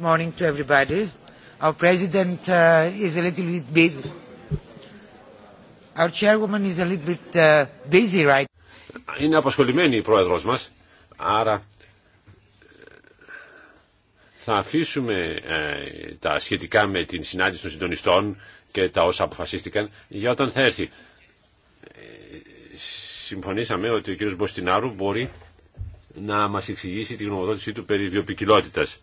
morning to everybody. Our president uh, is a little bit busy. Our chairwoman is a little bit uh, busy right. Είναι απασχολημένη η πρόεδρος μας, άρα ε, θα αφήσουμε ε, τα σχετικά με την συνάντηση των συντονιστών και τα όσα αποφασίστηκαν για όταν θα έρθει. Ε, συμφωνήσαμε ότι ο κ. Μποστινάρου μπορεί να μας εξηγήσει τη γνωμοδότησή του περί βιοπικιλότητας.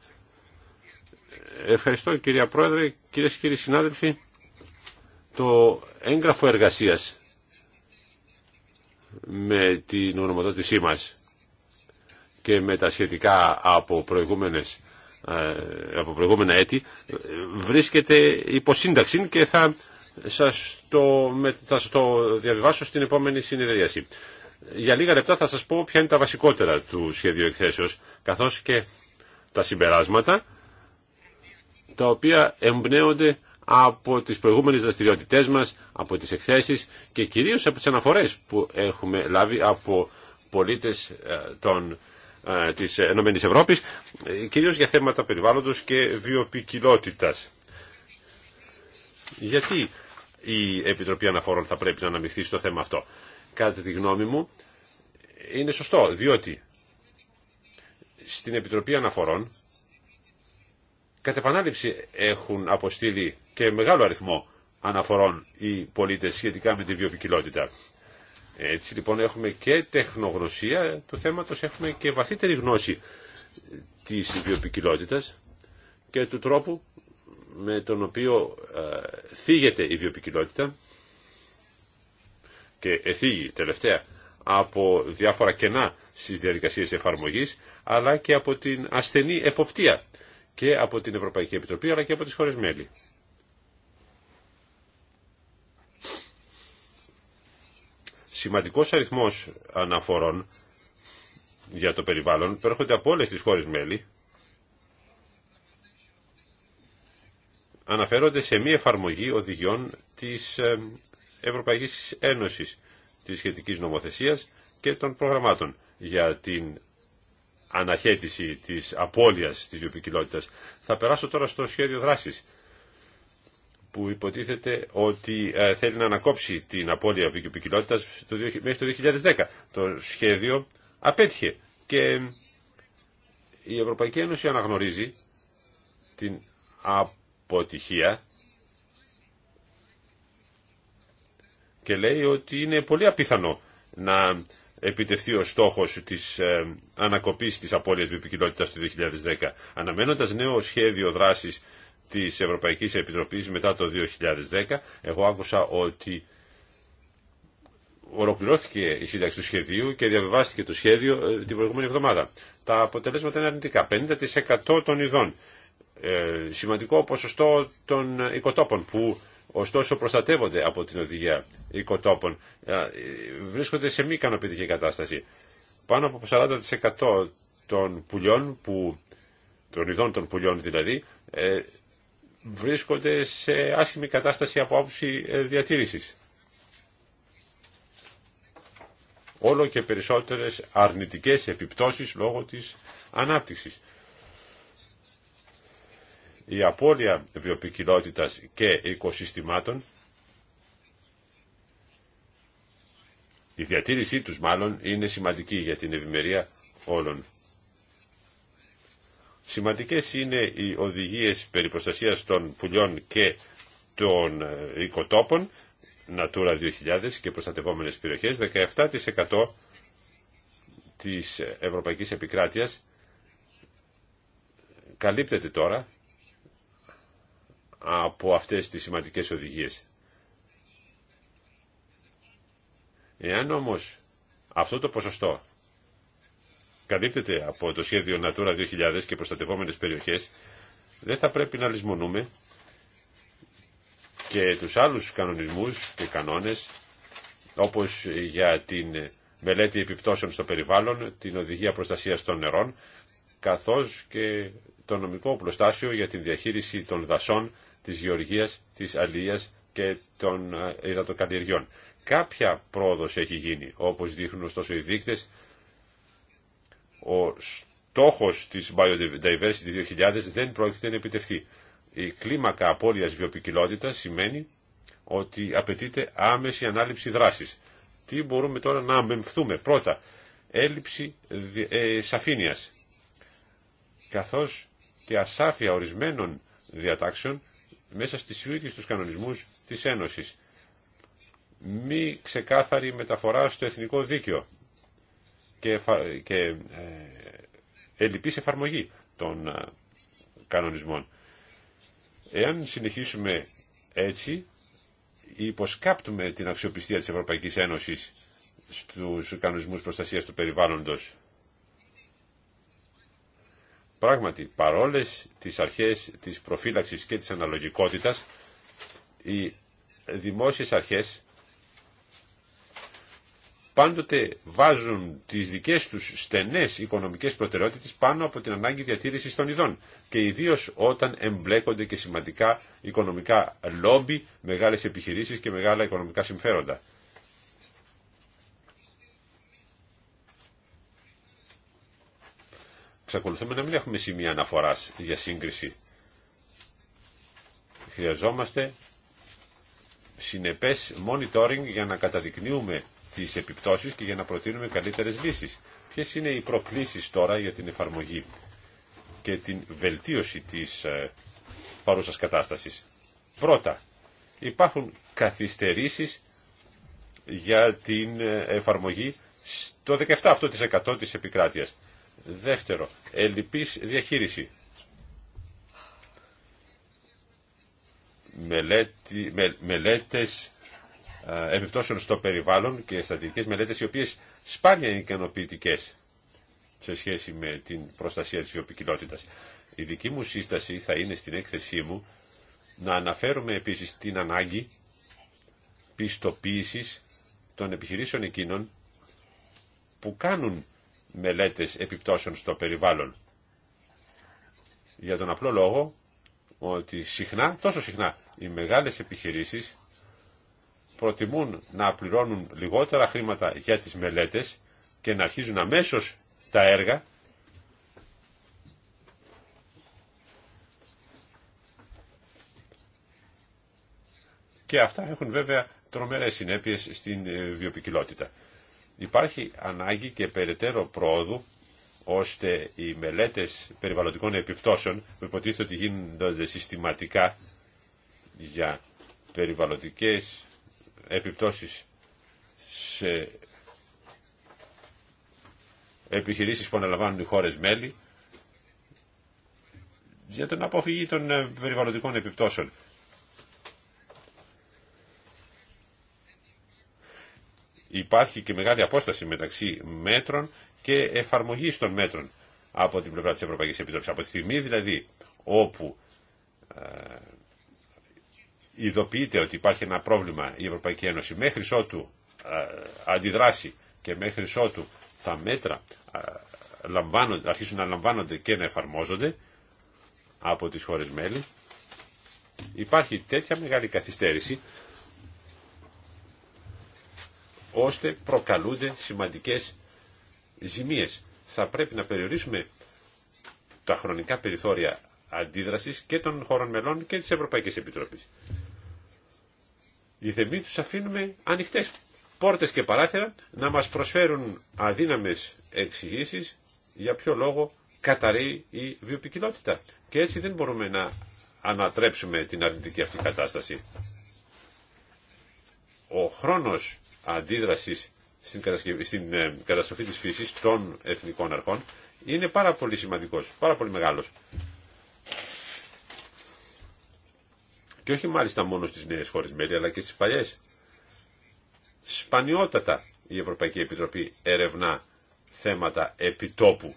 Ευχαριστώ κυρία Πρόεδρε, κυρίες και κύριοι συνάδελφοι. Το έγγραφο εργασίας με την ονοματότησή μας και με τα σχετικά από, προηγούμενες, ε, από προηγούμενα έτη βρίσκεται υποσύνταξη και θα σας, το, θα σας το διαβιβάσω στην επόμενη συνεδρίαση. Για λίγα λεπτά θα σας πω ποια είναι τα βασικότερα του σχεδίου εκθέσεως καθώς και τα συμπεράσματα τα οποία εμπνέονται από τις προηγούμενες δραστηριότητές μας, από τις εκθέσεις και κυρίως από τις αναφορές που έχουμε λάβει από πολίτες ε, των, ε, της Ενωμένης Ευρώπης, ε, κυρίως για θέματα περιβάλλοντος και βιοποικιλότητας. Γιατί η Επιτροπή Αναφορών θα πρέπει να αναμειχθεί στο θέμα αυτό. Κατά τη γνώμη μου, είναι σωστό, διότι στην Επιτροπή Αναφορών Κατ' επανάληψη έχουν αποστείλει και μεγάλο αριθμό αναφορών οι πολίτες σχετικά με τη βιοπικιλότητα. Έτσι λοιπόν έχουμε και τεχνογνωσία του θέματος, έχουμε και βαθύτερη γνώση της βιοπικιλότητας και του τρόπου με τον οποίο ε, θίγεται η βιοπικιλότητα και εθίγει τελευταία από διάφορα κενά στις διαδικασίες εφαρμογής αλλά και από την ασθενή εποπτεία και από την Ευρωπαϊκή Επιτροπή αλλά και από τις χώρες μέλη. Σημαντικός αριθμός αναφορών για το περιβάλλον προέρχονται από όλες τις χώρες μέλη αναφέρονται σε μία εφαρμογή οδηγιών της ε, Ευρωπαϊκής Ένωσης της σχετικής νομοθεσίας και των προγραμμάτων για την αναχέτηση της απώλειας της βιοποικιλότητας. Θα περάσω τώρα στο σχέδιο δράσης που υποτίθεται ότι ε, θέλει να ανακόψει την απώλεια βιοποικιλότητας μέχρι το 2010. Το σχέδιο απέτυχε και η Ευρωπαϊκή Ένωση αναγνωρίζει την αποτυχία και λέει ότι είναι πολύ απίθανο να επιτευθεί ο στόχος της ε, ανακοπής της απώλειας βιοποικιλότητας του 2010. Αναμένοντας νέο σχέδιο δράσης της Ευρωπαϊκής Επιτροπής μετά το 2010, εγώ άκουσα ότι ολοκληρώθηκε η σύνταξη του σχεδίου και διαβιβάστηκε το σχέδιο ε, την προηγούμενη εβδομάδα. Τα αποτελέσματα είναι αρνητικά. 50% των ειδών, ε, σημαντικό ποσοστό των οικοτόπων που ωστόσο προστατεύονται από την οδηγία οικοτόπων, ε, βρίσκονται σε μη ικανοποιητική κατάσταση. Πάνω από 40% των πουλιών, που, των ειδών των πουλιών δηλαδή, ε, βρίσκονται σε άσχημη κατάσταση από άποψη ε, διατήρησης. Όλο και περισσότερες αρνητικές επιπτώσεις λόγω της ανάπτυξης η απώλεια βιοπικιλότητας και οικοσυστημάτων, η διατήρησή τους μάλλον είναι σημαντική για την ευημερία όλων. Σημαντικές είναι οι οδηγίες περί προστασίας των πουλιών και των ε, οικοτόπων, Natura 2000 και προστατευόμενες περιοχές, 17% της ευρωπαϊκής επικράτειας καλύπτεται τώρα από αυτές τις σημαντικές οδηγίες. Εάν όμως αυτό το ποσοστό καλύπτεται από το σχέδιο Natura 2000 και προστατευόμενες περιοχές, δεν θα πρέπει να λησμονούμε και τους άλλους κανονισμούς και κανόνες, όπως για την μελέτη επιπτώσεων στο περιβάλλον, την οδηγία προστασίας των νερών, καθώς και το νομικό οπλοστάσιο για την διαχείριση των δασών της γεωργίας, της Αλίας και των ε, υδατοκαλλιεργιών. Κάποια πρόοδος έχει γίνει, όπως δείχνουν ωστόσο οι δείκτες. Ο στόχος της Biodiversity 2000 δεν πρόκειται να επιτευχθεί. Η κλίμακα απώλειας βιοπικιλότητας σημαίνει ότι απαιτείται άμεση ανάληψη δράσης. Τι μπορούμε τώρα να αμεμφθούμε. Πρώτα, έλλειψη ε, σαφήνειας, καθώς και ασάφεια ορισμένων διατάξεων μέσα στις ίδιες τους κανονισμούς της Ένωσης. Μη ξεκάθαρη μεταφορά στο εθνικό δίκαιο και, και ε, ελλειπής εφαρμογή των ε, κανονισμών. Εάν συνεχίσουμε έτσι, υποσκάπτουμε την αξιοπιστία της Ευρωπαϊκής Ένωσης στους κανονισμούς προστασίας του περιβάλλοντος Πράγματι, παρόλες τις αρχές της προφύλαξης και της αναλογικότητας, οι δημόσιες αρχές πάντοτε βάζουν τις δικές τους στενές οικονομικές προτεραιότητες πάνω από την ανάγκη διατήρησης των ειδών και ιδίως όταν εμπλέκονται και σημαντικά οικονομικά λόμπι, μεγάλες επιχειρήσεις και μεγάλα οικονομικά συμφέροντα. Ξεκολουθούμε να μην έχουμε σημεία αναφοράς για σύγκριση. Χρειαζόμαστε συνεπές monitoring για να καταδεικνύουμε τις επιπτώσεις και για να προτείνουμε καλύτερες λύσεις. Ποιες είναι οι προκλήσεις τώρα για την εφαρμογή και την βελτίωση της ε, παρούσας κατάστασης. Πρώτα, υπάρχουν καθυστερήσεις για την ε, εφαρμογή στο 17% της επικράτειας. Δεύτερο, ελλειπής διαχείριση. Μελέτη, μελέτες επιπτώσεων στο περιβάλλον και στατικές μελέτες οι οποίες σπάνια είναι ικανοποιητικέ σε σχέση με την προστασία της βιοπικιλότητας. Η δική μου σύσταση θα είναι στην έκθεσή μου να αναφέρουμε επίσης την ανάγκη πιστοποίησης των επιχειρήσεων εκείνων που κάνουν μελέτες επιπτώσεων στο περιβάλλον. Για τον απλό λόγο ότι συχνά, τόσο συχνά, οι μεγάλες επιχειρήσεις προτιμούν να πληρώνουν λιγότερα χρήματα για τις μελέτες και να αρχίζουν αμέσως τα έργα και αυτά έχουν βέβαια τρομερές συνέπειες στην ε, βιοπικιλότητα. Υπάρχει ανάγκη και περαιτέρω πρόοδου ώστε οι μελέτες περιβαλλοντικών επιπτώσεων που υποτίθεται ότι γίνονται συστηματικά για περιβαλλοντικές επιπτώσεις σε επιχειρήσεις που αναλαμβάνουν οι χώρες μέλη για την αποφυγή των ε, περιβαλλοντικών επιπτώσεων. υπάρχει και μεγάλη απόσταση μεταξύ μέτρων και εφαρμογή των μέτρων από την πλευρά τη Ευρωπαϊκή Επιτροπή. Από τη στιγμή δηλαδή όπου ε, ειδοποιείται ότι υπάρχει ένα πρόβλημα η Ευρωπαϊκή Ένωση μέχρι ότου ε, αντιδράσει και μέχρι ότου τα μέτρα ε, αρχίσουν να λαμβάνονται και να εφαρμόζονται από τις χώρες μέλη υπάρχει τέτοια μεγάλη καθυστέρηση ώστε προκαλούνται σημαντικές ζημίες. Θα πρέπει να περιορίσουμε τα χρονικά περιθώρια αντίδρασης και των χωρών μελών και της Ευρωπαϊκής Επιτροπής. Οι θεμοί τους αφήνουμε ανοιχτές πόρτες και παράθυρα να μας προσφέρουν αδύναμες εξηγήσει για ποιο λόγο καταραίει η βιοπικιλότητα. Και έτσι δεν μπορούμε να ανατρέψουμε την αρνητική αυτή κατάσταση. Ο χρόνος Αντίδραση στην, στην ε, καταστροφή της φύσης των εθνικών αρχών είναι πάρα πολύ σημαντικός, πάρα πολύ μεγάλος. Και όχι μάλιστα μόνο στι νέε χώρες μέλη, αλλά και στις παλιέ. Σπανιότατα η Ευρωπαϊκή Επιτροπή ερευνά θέματα επιτόπου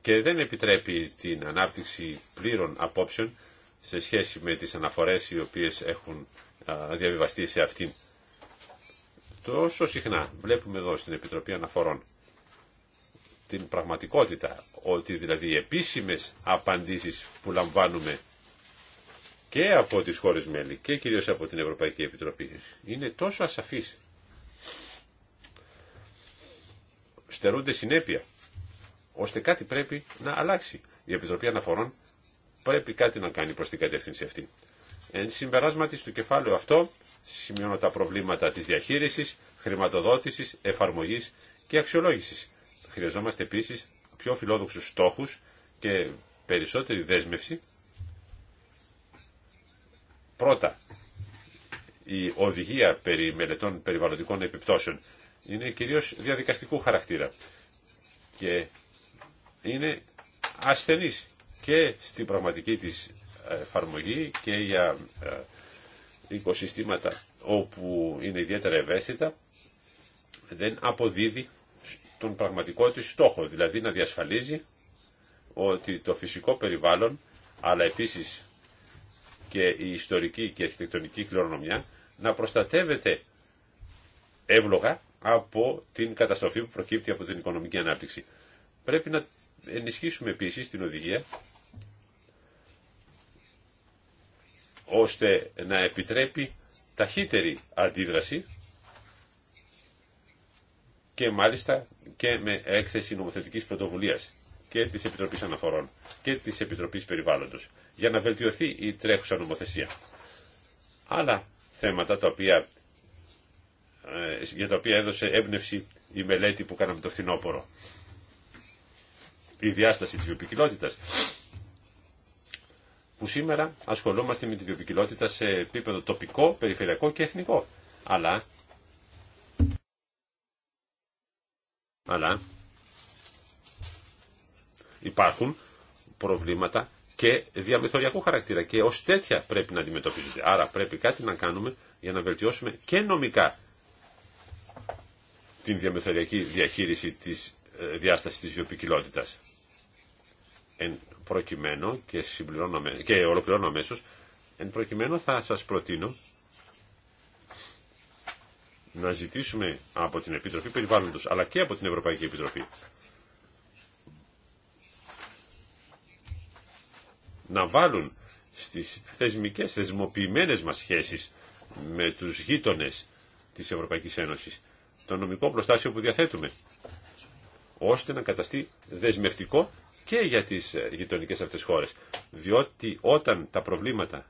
και δεν επιτρέπει την ανάπτυξη πλήρων απόψεων σε σχέση με τις αναφορές οι οποίες έχουν διαβιβαστεί σε αυτήν. Τόσο συχνά βλέπουμε εδώ στην Επιτροπή Αναφορών την πραγματικότητα ότι δηλαδή οι επίσημες απαντήσεις που λαμβάνουμε και από τις χώρες μέλη και κυρίως από την Ευρωπαϊκή Επιτροπή είναι τόσο ασαφείς. Στερούνται συνέπεια, ώστε κάτι πρέπει να αλλάξει. Η Επιτροπή Αναφορών πρέπει κάτι να κάνει προς την κατεύθυνση αυτή. Εν συμπεράσματι στο κεφάλαιο αυτό σημειώνω τα προβλήματα της διαχείρισης, χρηματοδότησης, εφαρμογής και αξιολόγησης. Χρειαζόμαστε επίσης πιο φιλόδοξους στόχους και περισσότερη δέσμευση. Πρώτα, η οδηγία περί μελετών περιβαλλοντικών επιπτώσεων είναι κυρίως διαδικαστικού χαρακτήρα και είναι ασθενής και στην πραγματική της εφαρμογή και για ε, οικοσυστήματα όπου είναι ιδιαίτερα ευαίσθητα δεν αποδίδει τον πραγματικό της στόχο, δηλαδή να διασφαλίζει ότι το φυσικό περιβάλλον αλλά επίσης και η ιστορική και αρχιτεκτονική κληρονομιά να προστατεύεται εύλογα από την καταστροφή που προκύπτει από την οικονομική ανάπτυξη. Πρέπει να ενισχύσουμε επίσης την οδηγία ώστε να επιτρέπει ταχύτερη αντίδραση και μάλιστα και με έκθεση νομοθετικής πρωτοβουλίας και της Επιτροπής Αναφορών και της Επιτροπής Περιβάλλοντος για να βελτιωθεί η τρέχουσα νομοθεσία. Άλλα θέματα τα οποία, ε, για τα οποία έδωσε έμπνευση η μελέτη που κάναμε το φθινόπωρο. Η διάσταση της βιοποικιλότητας που σήμερα ασχολούμαστε με τη βιοπικιλότητα σε επίπεδο τοπικό, περιφερειακό και εθνικό. Αλλά, αλλά υπάρχουν προβλήματα και διαμεθοριακού χαρακτήρα και ως τέτοια πρέπει να αντιμετωπίζονται. Άρα πρέπει κάτι να κάνουμε για να βελτιώσουμε και νομικά την διαμεθοριακή διαχείριση της ε, διάστασης της βιοπικιλότητας. Εν προκειμένου και, συμπληρώνω, και ολοκληρώνω αμέσω, εν προκειμένου θα σας προτείνω να ζητήσουμε από την Επιτροπή Περιβάλλοντος αλλά και από την Ευρωπαϊκή Επιτροπή να βάλουν στις θεσμικές, θεσμοποιημένες μας σχέσεις με τους γείτονες της Ευρωπαϊκής Ένωσης το νομικό προστάσιο που διαθέτουμε ώστε να καταστεί δεσμευτικό και για τις ε, γειτονικέ αυτές χώρες. Διότι όταν τα προβλήματα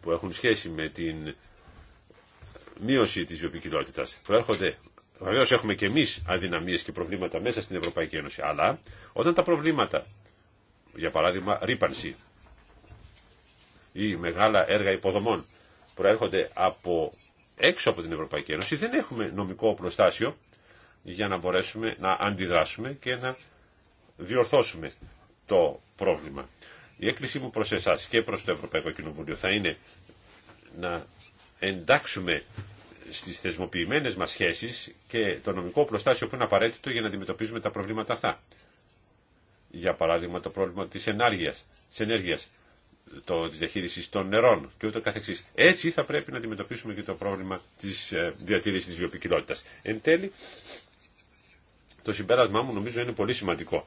που έχουν σχέση με την μείωση της βιοποικιλότητας προέρχονται Βεβαίω έχουμε και εμείς αδυναμίες και προβλήματα μέσα στην Ευρωπαϊκή Ένωση. Αλλά όταν τα προβλήματα, για παράδειγμα ρήπανση ή μεγάλα έργα υποδομών, προέρχονται από έξω από την Ευρωπαϊκή Ένωση, δεν έχουμε νομικό προστάσιο για να μπορέσουμε να αντιδράσουμε και να διορθώσουμε το πρόβλημα. Η έκκλησή μου προς εσάς και προς το Ευρωπαϊκό Κοινοβούλιο θα είναι να εντάξουμε στις θεσμοποιημένες μας σχέσεις και το νομικό προστάσιο που είναι απαραίτητο για να αντιμετωπίζουμε τα προβλήματα αυτά. Για παράδειγμα το πρόβλημα της ενέργειας, της, ενέργειας, το, της διαχείρισης των νερών και ούτω καθεξής. Έτσι θα πρέπει να αντιμετωπίσουμε και το πρόβλημα της ε, διατήρησης της βιοποικιλότητας. Εν τέλει, το συμπέρασμά μου νομίζω είναι πολύ σημαντικό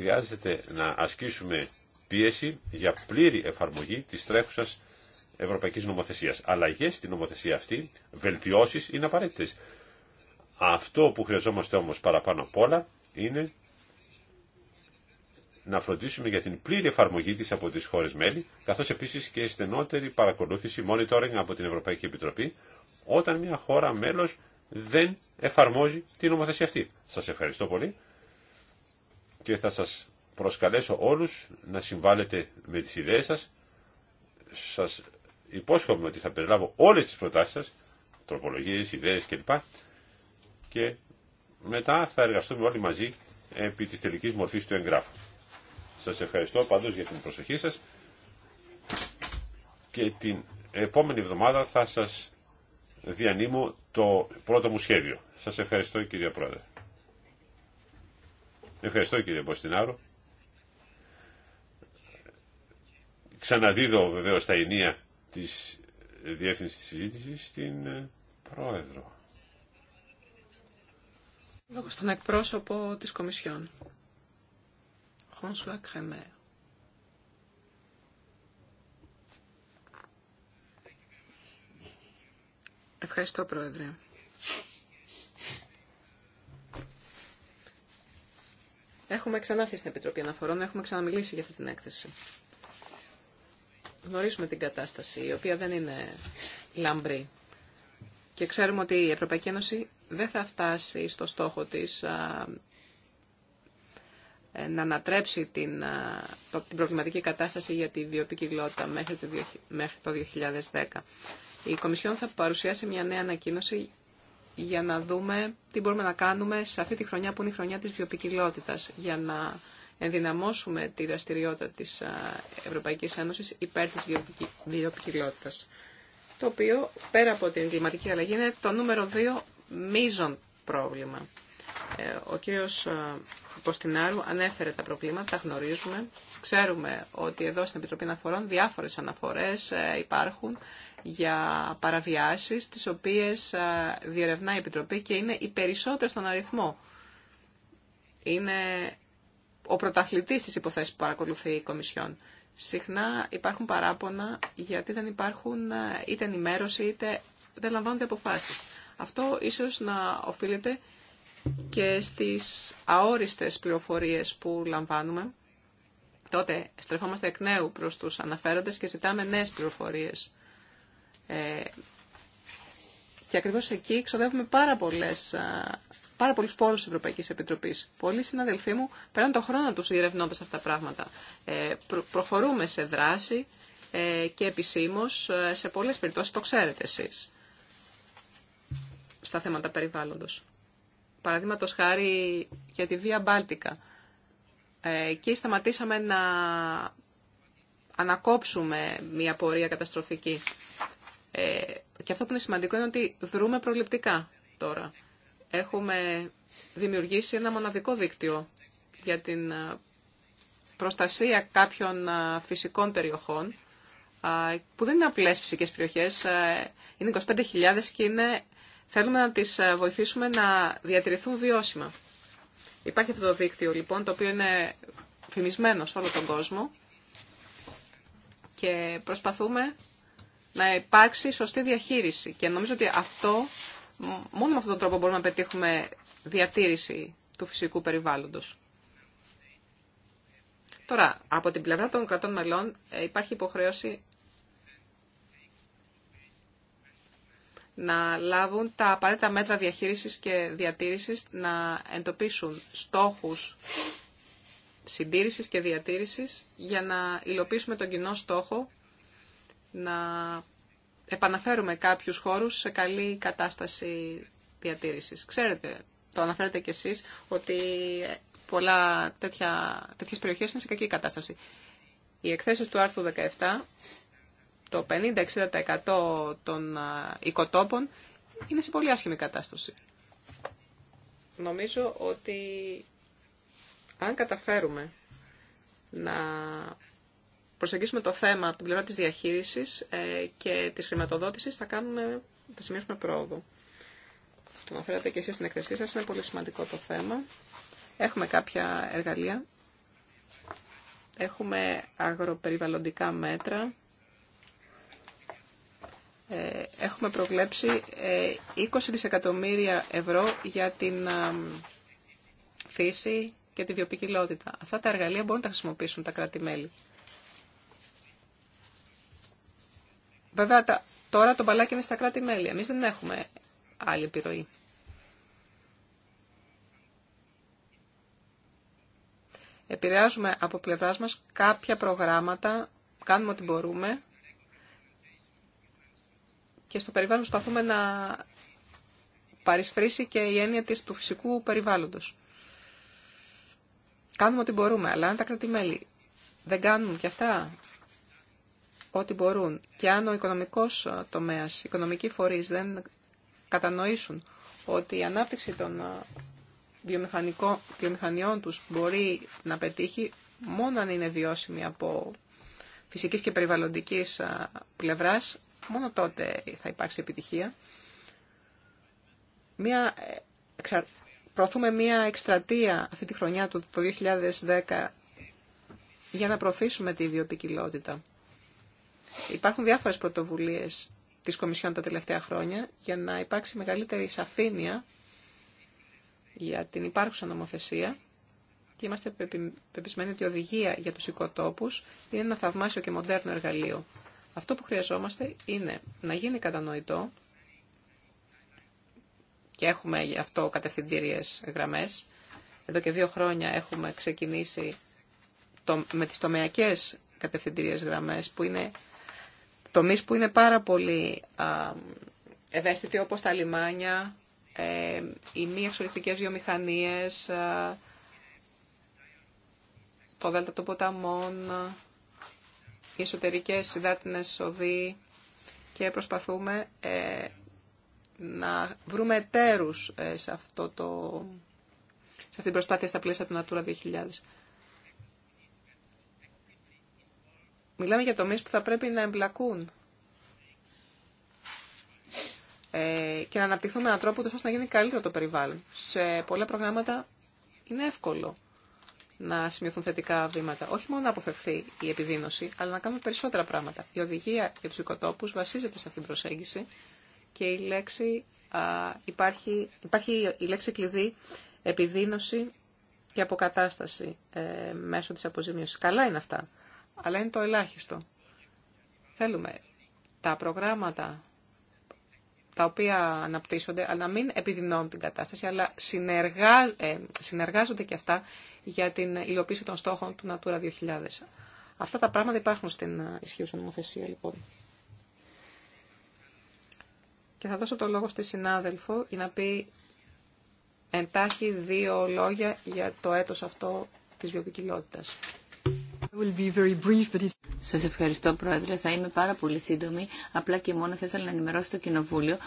χρειάζεται να ασκήσουμε πίεση για πλήρη εφαρμογή τη τρέχουσα Ευρωπαϊκή Νομοθεσία. Αλλαγέ στην νομοθεσία αυτή, βελτιώσει είναι απαραίτητες. Αυτό που χρειαζόμαστε όμω παραπάνω απ' όλα είναι να φροντίσουμε για την πλήρη εφαρμογή της από τις χώρες μέλη, καθώς επίσης και στενότερη παρακολούθηση, monitoring από την Ευρωπαϊκή Επιτροπή, όταν μια χώρα μέλος δεν εφαρμόζει την νομοθεσία αυτή. Σας ευχαριστώ πολύ και θα σας προσκαλέσω όλους να συμβάλλετε με τις ιδέες σας. Σας υπόσχομαι ότι θα περιλάβω όλες τις προτάσεις σας, τροπολογίες, ιδέες κλπ. Και μετά θα εργαστούμε όλοι μαζί επί της τελικής μορφής του εγγράφου. Σας ευχαριστώ πάντως για την προσοχή σας και την επόμενη εβδομάδα θα σας διανύμω το πρώτο μου σχέδιο. Σας ευχαριστώ κυρία Πρόεδρε. Ευχαριστώ κύριε Μποστινάρο. Ξαναδίδω βεβαίω τα ενία της διεύθυνση της συζήτησης στην ε, Πρόεδρο. Λόγω στον εκπρόσωπο της Κομισιόν. Χονσουά Κρεμέρ. Ευχαριστώ, Πρόεδρε. Έχουμε ξανάρθει στην Επιτροπή Αναφορών, έχουμε ξαναμιλήσει για αυτή την έκθεση. Γνωρίζουμε την κατάσταση, η οποία δεν είναι λαμπρή. Και ξέρουμε ότι η Ευρωπαϊκή Ένωση δεν θα φτάσει στο στόχο της ε, να ανατρέψει την, την προβληματική κατάσταση για τη βιοπικιλότητα μέχρι μέχρι το 2010. Η Κομισιόν θα παρουσιάσει μια νέα ανακοίνωση για να δούμε τι μπορούμε να κάνουμε σε αυτή τη χρονιά που είναι η χρονιά της βιοπικιλότητας για να ενδυναμώσουμε τη δραστηριότητα της Ευρωπαϊκής Ένωσης υπέρ της βιοπικιλότητας το οποίο πέρα από την κλιματική αλλαγή είναι το νούμερο δύο μείζον πρόβλημα. Ε, ο κύριος Ποστινάρου ανέφερε τα προβλήματα, τα γνωρίζουμε. Ξέρουμε ότι εδώ στην Επιτροπή Αναφορών διάφορες αναφορές ε, υπάρχουν για παραβιάσεις τις οποίες διερευνά η Επιτροπή και είναι οι περισσότερες στον αριθμό. Είναι ο πρωταθλητής της υποθέσης που παρακολουθεί η Κομισιόν. Συχνά υπάρχουν παράπονα γιατί δεν υπάρχουν είτε ενημέρωση είτε δεν λαμβάνονται αποφάσεις. Αυτό ίσως να οφείλεται και στις αόριστες πληροφορίες που λαμβάνουμε. Τότε στρεφόμαστε εκ νέου προς τους αναφέροντες και ζητάμε νέες πληροφορίες. Ε, και ακριβώς εκεί ξοδεύουμε πάρα, πολλές, πάρα πολλούς πόρους της Ευρωπαϊκής Επιτροπής. Πολλοί συναδελφοί μου παίρνουν τον χρόνο τους διερευνώντα αυτά τα πράγματα. Ε, προχωρούμε σε δράση ε, και επισήμως σε πολλές περιπτώσεις, το ξέρετε εσείς, στα θέματα περιβάλλοντος. Παραδείγματο χάρη για τη Βία Μπάλτικα. Εκεί σταματήσαμε να ανακόψουμε μια πορεία καταστροφική ε, και αυτό που είναι σημαντικό είναι ότι δρούμε προληπτικά τώρα. Έχουμε δημιουργήσει ένα μοναδικό δίκτυο για την ε, προστασία κάποιων ε, φυσικών περιοχών, που δεν είναι απλές φυσικές περιοχές, είναι 25.000 και είναι, θέλουμε να τις βοηθήσουμε να διατηρηθούν βιώσιμα. Υπάρχει αυτό το δίκτυο λοιπόν, το οποίο είναι φημισμένο σε όλο τον κόσμο και προσπαθούμε να υπάρξει σωστή διαχείριση. Και νομίζω ότι αυτό, μόνο με αυτόν τον τρόπο μπορούμε να πετύχουμε διατήρηση του φυσικού περιβάλλοντος. Τώρα, από την πλευρά των κρατών μελών ε, υπάρχει υποχρέωση να λάβουν τα απαραίτητα μέτρα διαχείρισης και διατήρησης, να εντοπίσουν στόχους συντήρησης και διατήρησης για να υλοποιήσουμε τον κοινό στόχο να επαναφέρουμε κάποιους χώρους σε καλή κατάσταση διατήρησης. Ξέρετε, το αναφέρετε κι εσείς, ότι πολλά τέτοια, τέτοιες περιοχές είναι σε κακή κατάσταση. Οι εκθέσεις του άρθρου 17, το 50-60% των οικοτόπων είναι σε πολύ άσχημη κατάσταση. Νομίζω ότι αν καταφέρουμε να προσεγγίσουμε το θέμα από την πλευρά της διαχείρισης ε, και της χρηματοδότησης θα, κάνουμε, θα σημειώσουμε πρόοδο. Το αναφέρατε και εσείς στην εκθεσή σας, είναι πολύ σημαντικό το θέμα. Έχουμε κάποια εργαλεία. Έχουμε αγροπεριβαλλοντικά μέτρα. Ε, έχουμε προβλέψει 20 ε, δισεκατομμύρια ευρώ για την φύση και τη βιοποικιλότητα. Αυτά τα εργαλεία μπορούν να τα χρησιμοποιήσουν τα κράτη-μέλη. Βέβαια τώρα το μπαλάκι είναι στα κράτη-μέλη. Εμείς δεν έχουμε άλλη επιρροή. Επηρεάζουμε από πλευράς μας κάποια προγράμματα, κάνουμε ό,τι μπορούμε και στο περιβάλλον προσπαθούμε να παρισφρήσει και η έννοια της του φυσικού περιβάλλοντος. Κάνουμε ό,τι μπορούμε, αλλά αν τα κράτη-μέλη δεν κάνουν και αυτά ό,τι μπορούν και αν ο οικονομικός ε, τομέας, οι οικονομικοί φορείς δεν κατανοήσουν ότι η ανάπτυξη των ε, βιομηχανιών τους μπορεί να πετύχει μόνο αν είναι βιώσιμη από φυσικής και περιβαλλοντικής ε, πλευράς, μόνο τότε θα υπάρξει επιτυχία. Μια, προωθούμε μια εκστρατεία αυτή τη χρονιά του το 2010 για να προωθήσουμε τη βιοπικιλότητα. Υπάρχουν διάφορες πρωτοβουλίες της Κομισιόν τα τελευταία χρόνια για να υπάρξει μεγαλύτερη σαφήνεια για την υπάρχουσα νομοθεσία και είμαστε πεπισμένοι ότι η οδηγία για τους οικοτόπους είναι ένα θαυμάσιο και μοντέρνο εργαλείο. Αυτό που χρειαζόμαστε είναι να γίνει κατανοητό και έχουμε γι' αυτό κατευθυντήριες γραμμές. Εδώ και δύο χρόνια έχουμε ξεκινήσει το, με τις τομεακές κατευθυντήριες γραμμές που είναι τομείς που είναι πάρα πολύ ευαίσθητοι όπω τα λιμάνια, ε, οι μη εξορυκτικές βιομηχανίε, ε, το δέλτα των ποταμών, οι εσωτερικέ υδάτινε οδοί και προσπαθούμε ε, να βρούμε εταίρους σε, αυτό το, σε αυτή την προσπάθεια στα πλαίσια του Natura 2000. Μιλάμε για τομείς που θα πρέπει να εμπλακούν ε, και να αναπτυχθούν με έναν τρόπο ώστε να γίνει καλύτερο το περιβάλλον. Σε πολλά προγράμματα είναι εύκολο να σημειωθούν θετικά βήματα. Όχι μόνο να αποφευθεί η επιδείνωση, αλλά να κάνουμε περισσότερα πράγματα. Η οδηγία για του οικοτόπου βασίζεται σε αυτήν την προσέγγιση και η λέξη, α, υπάρχει, υπάρχει η λέξη κλειδί επιδείνωση και αποκατάσταση ε, μέσω της αποζημίωσης. Καλά είναι αυτά αλλά είναι το ελάχιστο. Θέλουμε τα προγράμματα τα οποία αναπτύσσονται, αλλά να μην επιδεινώνουν την κατάσταση, αλλά ε, συνεργάζονται και αυτά για την υλοποίηση των στόχων του Natura 2000. Αυτά τα πράγματα υπάρχουν στην ε, ισχύουσα νομοθεσία, λοιπόν. Και θα δώσω το λόγο στη συνάδελφο για να πει εντάχει δύο λόγια για το έτος αυτό της βιοποικιλότητας. Σα ευχαριστώ, Πρόεδρε. Θα είμαι πάρα πολύ σύντομη. Απλά και μόνο θα ήθελα να ενημερώσω το Κοινοβούλιο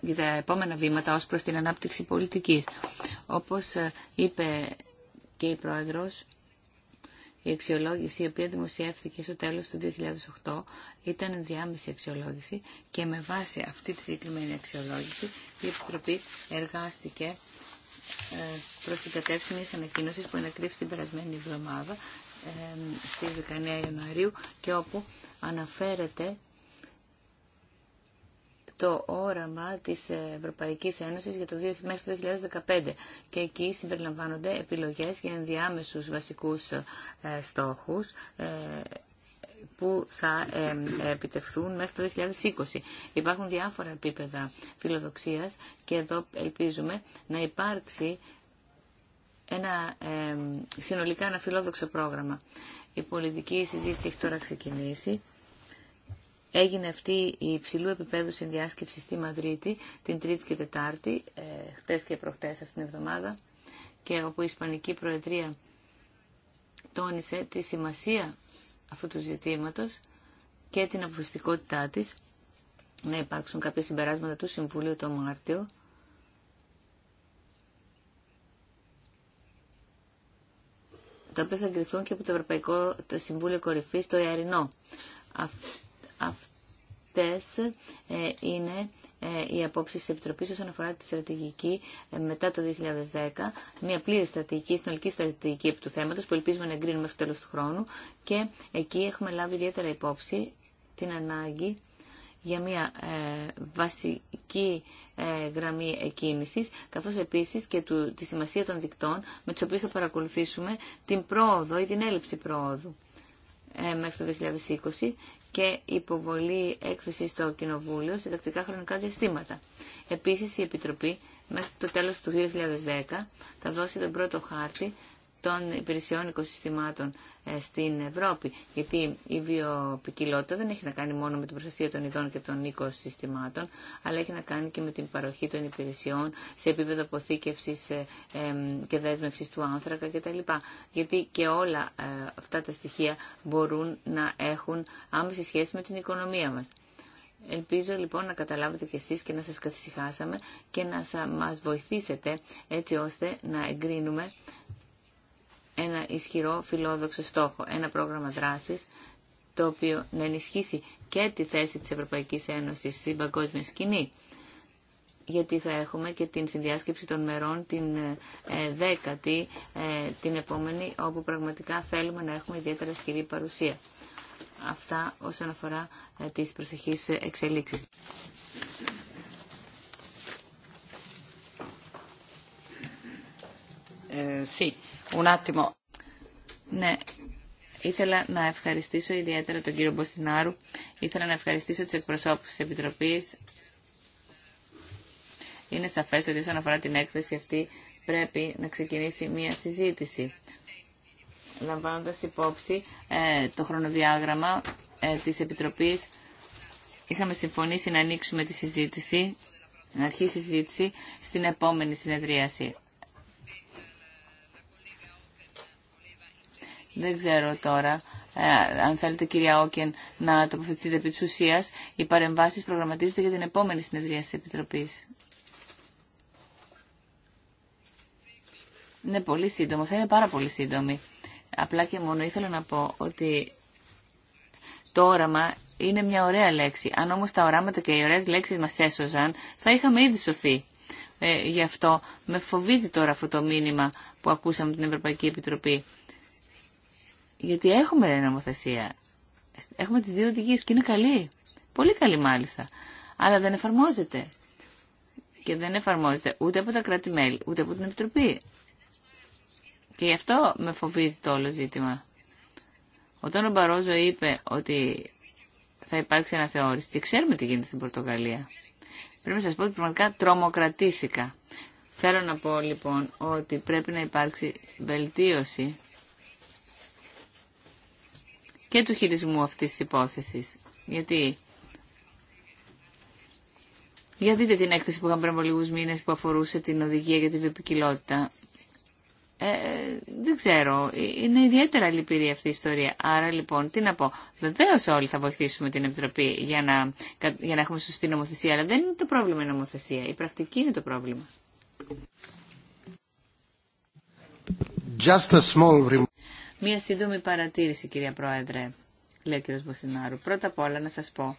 για τα, επόμενα βήματα ω προ την ανάπτυξη πολιτική. Όπω ε, είπε και η Πρόεδρο, η αξιολόγηση η οποία δημοσιεύθηκε στο τέλος του 2008 ήταν ενδιάμεση αξιολόγηση και με βάση αυτή τη συγκεκριμένη αξιολόγηση η Επιτροπή εργάστηκε ε, προ την κατεύθυνση μια ανακοίνωση που ανακρύφθηκε την περασμένη εβδομάδα στις 19 Ιανουαρίου και όπου αναφέρεται το όραμα της Ευρωπαϊκής Ένωσης για το μέχρι το 2015 και εκεί συμπεριλαμβάνονται επιλογές για ενδιάμεσους βασικούς ε, στόχους ε, που θα επιτευχθούν μέχρι το 2020. Υπάρχουν διάφορα επίπεδα φιλοδοξίας και εδώ ελπίζουμε να υπάρξει ένα συνολικά ένα φιλόδοξο πρόγραμμα. Η πολιτική συζήτηση έχει τώρα ξεκινήσει. Έγινε αυτή η υψηλού επίπεδου συνδιάσκεψη στη Μαδρίτη την Τρίτη και Τετάρτη, ε, χτες και προχτές αυτήν την εβδομάδα, και όπου η Ισπανική Προεδρία τόνισε τη σημασία αυτού του ζητήματος και την αποφασιστικότητά της να υπάρξουν κάποια συμπεράσματα του Συμβουλίου το Μάρτιο τα οποία θα εγκριθούν και από το Ευρωπαϊκό το Συμβούλιο Κορυφής το Ιαρινό. Αυτές ε, είναι ε, οι απόψεις της Επιτροπής όσον αφορά τη στρατηγική ε, μετά το 2010, μια πλήρη στρατηγική, συνολική στρατηγική επί του θέματος που ελπίζουμε να εγκρίνουμε μέχρι το τέλος του χρόνου και εκεί έχουμε λάβει ιδιαίτερα υπόψη την ανάγκη για μια ε, βασική ε, γραμμή εκκίνησης, καθώς επίσης και τη σημασία των δικτών με τους οποίους θα παρακολουθήσουμε την πρόοδο ή την έλλειψη πρόοδου ε, μέχρι το 2020 και υποβολή έκθεση στο Κοινοβούλιο σε τακτικά χρονικά διαστήματα. Επίσης, η Επιτροπή μέχρι το τέλος του 2010 θα δώσει τον πρώτο χάρτη των υπηρεσιών οικοσυστημάτων ε, στην Ευρώπη. Γιατί η βιοπικιλότητα δεν έχει να κάνει μόνο με την προστασία των ειδών και των οικοσυστημάτων, αλλά έχει να κάνει και με την παροχή των υπηρεσιών σε επίπεδο αποθήκευση ε, και δέσμευση του άνθρακα κτλ. Γιατί και όλα ε, αυτά τα στοιχεία μπορούν να έχουν άμεση σχέση με την οικονομία μας. Ελπίζω λοιπόν να καταλάβετε κι εσείς και να σας καθησυχάσαμε και να μας βοηθήσετε έτσι ώστε να εγκρίνουμε ένα ισχυρό φιλόδοξο στόχο, ένα πρόγραμμα δράσης το οποίο να ενισχύσει και τη θέση της Ευρωπαϊκής Ένωσης στην παγκόσμια σκηνή γιατί θα έχουμε και την συνδιάσκεψη των μερών την ε, δέκατη, ε, την επόμενη, όπου πραγματικά θέλουμε να έχουμε ιδιαίτερα ισχυρή παρουσία. Αυτά όσον αφορά ε, τις προσεχείς εξελίξεις. Ε, ναι, ήθελα να ευχαριστήσω ιδιαίτερα τον κύριο Μποστινάρου. Ήθελα να ευχαριστήσω τους εκπροσώπους της Επιτροπής. Είναι σαφές ότι όσον αφορά την έκθεση αυτή πρέπει να ξεκινήσει μία συζήτηση. Λαμβάνοντας υπόψη ε, το χρονοδιάγραμμα ε, της Επιτροπής, είχαμε συμφωνήσει να ανοίξουμε τη συζήτηση, να αρχίσει η συζήτηση στην επόμενη συνεδρίαση. Δεν ξέρω τώρα, ε, αν θέλετε κυρία Όκεν να τοποθετηθείτε επί της ουσίας, οι παρεμβάσεις προγραμματίζονται για την επόμενη συνεδρία της Επιτροπής. Ναι, πολύ σύντομο. Θα είναι πάρα πολύ σύντομη. Απλά και μόνο ήθελα να πω ότι το όραμα είναι μια ωραία λέξη. Αν όμως τα οράματα και οι ωραίες λέξεις μας έσωζαν, θα είχαμε ήδη σωθεί. Ε, γι' αυτό με φοβίζει τώρα αυτό το μήνυμα που ακούσαμε την Ευρωπαϊκή Επιτροπή. Γιατί έχουμε νομοθεσία. Έχουμε τις δύο οδηγίες και είναι καλή. Πολύ καλή μάλιστα. Αλλά δεν εφαρμόζεται. Και δεν εφαρμόζεται ούτε από τα κράτη-μέλη, ούτε από την Επιτροπή. Και γι' αυτό με φοβίζει το όλο ζήτημα. Όταν ο Μπαρόζο είπε ότι θα υπάρξει αναθεώρηση, και ξέρουμε τι γίνεται στην Πορτογαλία. Πρέπει να σας πω ότι πραγματικά τρομοκρατήθηκα. Θέλω να πω λοιπόν ότι πρέπει να υπάρξει βελτίωση και του χειρισμού αυτής της υπόθεσης. Γιατί... Για δείτε την έκθεση που είχαμε πριν από λίγου μήνε που αφορούσε την οδηγία για την βιοποικιλότητα. Ε, δεν ξέρω. Ε, είναι ιδιαίτερα λυπηρή αυτή η ιστορία. Άρα λοιπόν, τι να πω. Βεβαίω όλοι θα βοηθήσουμε την Επιτροπή για να, για να έχουμε σωστή νομοθεσία, αλλά δεν είναι το πρόβλημα η νομοθεσία. Η πρακτική είναι το πρόβλημα. Just a small Μία σύντομη παρατήρηση, κυρία Πρόεδρε, λέει ο κύριος Μποστινάρου. Πρώτα απ' όλα να σας πω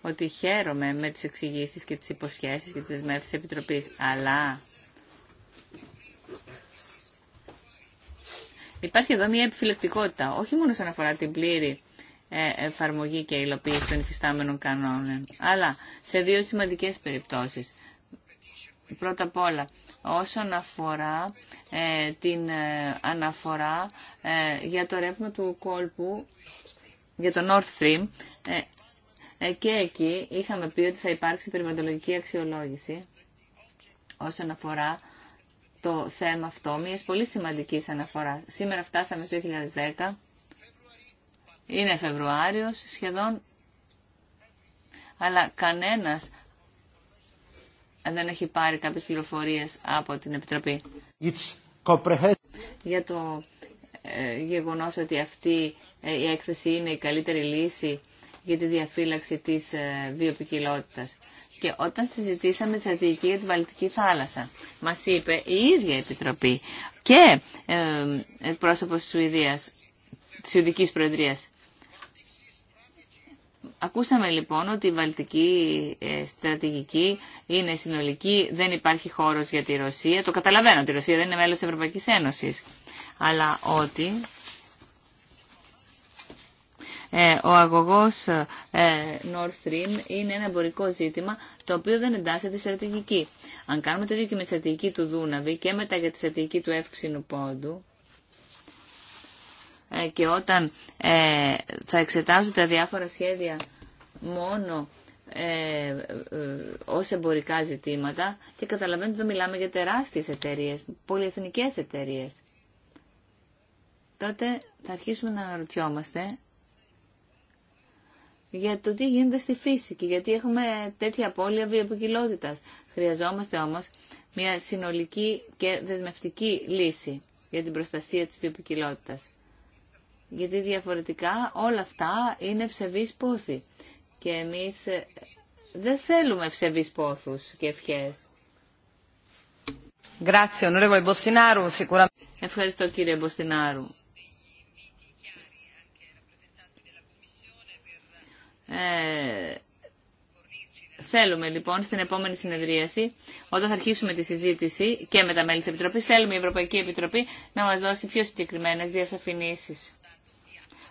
ότι χαίρομαι με τις εξηγήσεις και τις υποσχέσεις και τις δεσμεύσεις της Επιτροπής, αλλά υπάρχει εδώ μια επιφυλεκτικότητα, όχι μόνο σαν αφορά την πλήρη ε, εφαρμογή και υλοποίηση των υφιστάμενων κανόνων, αλλά σε δύο σημαντικές περιπτώσεις. Πρώτα απ' όλα, όσον αφορά ε, την ε, αναφορά ε, για το ρεύμα του κόλπου, για το North Stream. Και εκεί είχαμε πει ότι θα υπάρξει περιβαλλοντολογική αξιολόγηση όσον αφορά το θέμα αυτό, μια πολύ σημαντική αναφορά. Σήμερα φτάσαμε στο 2010, είναι Φεβρουάριος σχεδόν, αλλά κανένας δεν έχει πάρει κάποιες πληροφορίες από την Επιτροπή. για το ε, γεγονός ότι αυτή ε, η έκθεση είναι η καλύτερη λύση για τη διαφύλαξη της ε, Και όταν συζητήσαμε τη στρατηγική για την Βαλτική θάλασσα, μας είπε η ίδια Επιτροπή και ε, πρόσωπος της Σουηδίας, της Σουηδικής Προεδρίας, Ακούσαμε λοιπόν ότι η βαλτική ε, στρατηγική είναι συνολική, δεν υπάρχει χώρος για τη Ρωσία. Το καταλαβαίνω ότι η Ρωσία δεν είναι μέλος της Ευρωπαϊκής Ένωσης. Αλλά ότι ε, ο αγωγός ε, Nord Stream είναι ένα εμπορικό ζήτημα το οποίο δεν εντάσσεται στρατηγική. Αν κάνουμε το ίδιο και με τη στρατηγική του Δούναβη και μετά για τη στρατηγική του Εύξηνου Πόντου, ε, και όταν ε, θα εξετάζονται τα διάφορα σχέδια μόνο ε, ε ως εμπορικά ζητήματα και καταλαβαίνετε ότι μιλάμε για τεράστιες εταιρείες, πολυεθνικές εταιρείες. Τότε θα αρχίσουμε να αναρωτιόμαστε για το τι γίνεται στη φύση και γιατί έχουμε τέτοια απώλεια βιοποικιλότητας. Χρειαζόμαστε όμως μια συνολική και δεσμευτική λύση για την προστασία της βιοποικιλότητας γιατί διαφορετικά όλα αυτά είναι ευσεβείς πόθη. Και εμείς ε, δεν θέλουμε ευσεβείς πόθους και ευχές. Ευχαριστώ κύριε Μποστινάρου. Ε, θέλουμε λοιπόν στην επόμενη συνεδρίαση, όταν θα αρχίσουμε τη συζήτηση και με τα μέλη της Επιτροπής, θέλουμε η Ευρωπαϊκή Επιτροπή να μας δώσει πιο συγκεκριμένες διασαφηνήσεις.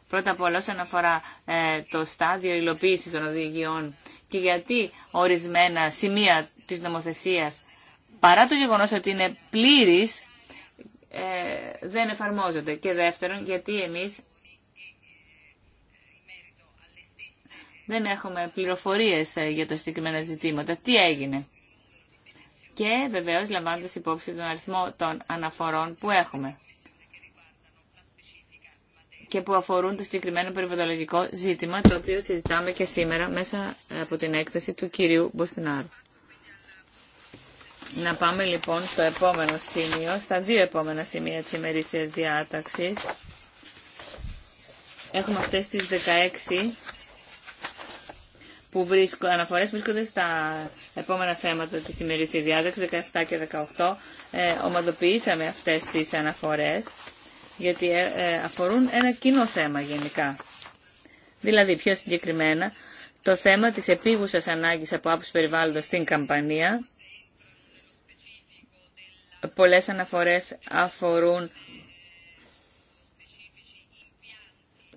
Πρώτα απ' όλα όσον αφορά ε, το στάδιο υλοποίησης των οδηγιών και γιατί ορισμένα σημεία της νομοθεσίας, παρά το γεγονός ότι είναι πλήρης, ε, δεν εφαρμόζονται. Και δεύτερον, γιατί εμείς δεν έχουμε πληροφορίες ε, για τα συγκεκριμένα ζητήματα. Τι έγινε. Και βεβαίως λαμβάνοντας υπόψη τον αριθμό των αναφορών που έχουμε και που αφορούν το συγκεκριμένο περιβαλλοντικό ζήτημα, το οποίο συζητάμε και σήμερα μέσα από την έκθεση του κυρίου Μποστινάρου. Να πάμε λοιπόν στο επόμενο σημείο, στα δύο επόμενα σημεία της ημερήσιας διάταξης. Έχουμε αυτές τις 16 που βρίσκω, αναφορές βρίσκονται στα επόμενα θέματα της ημερήσιας διάταξης, 17 και 18. Ε, ομαδοποιήσαμε αυτές τις αναφορές γιατί ε, ε, αφορούν ένα κοινό θέμα γενικά. Δηλαδή πιο συγκεκριμένα το θέμα της επίγουσας ανάγκης από άποψη περιβάλλοντος στην Καμπανία. Πολλές αναφορές αφορούν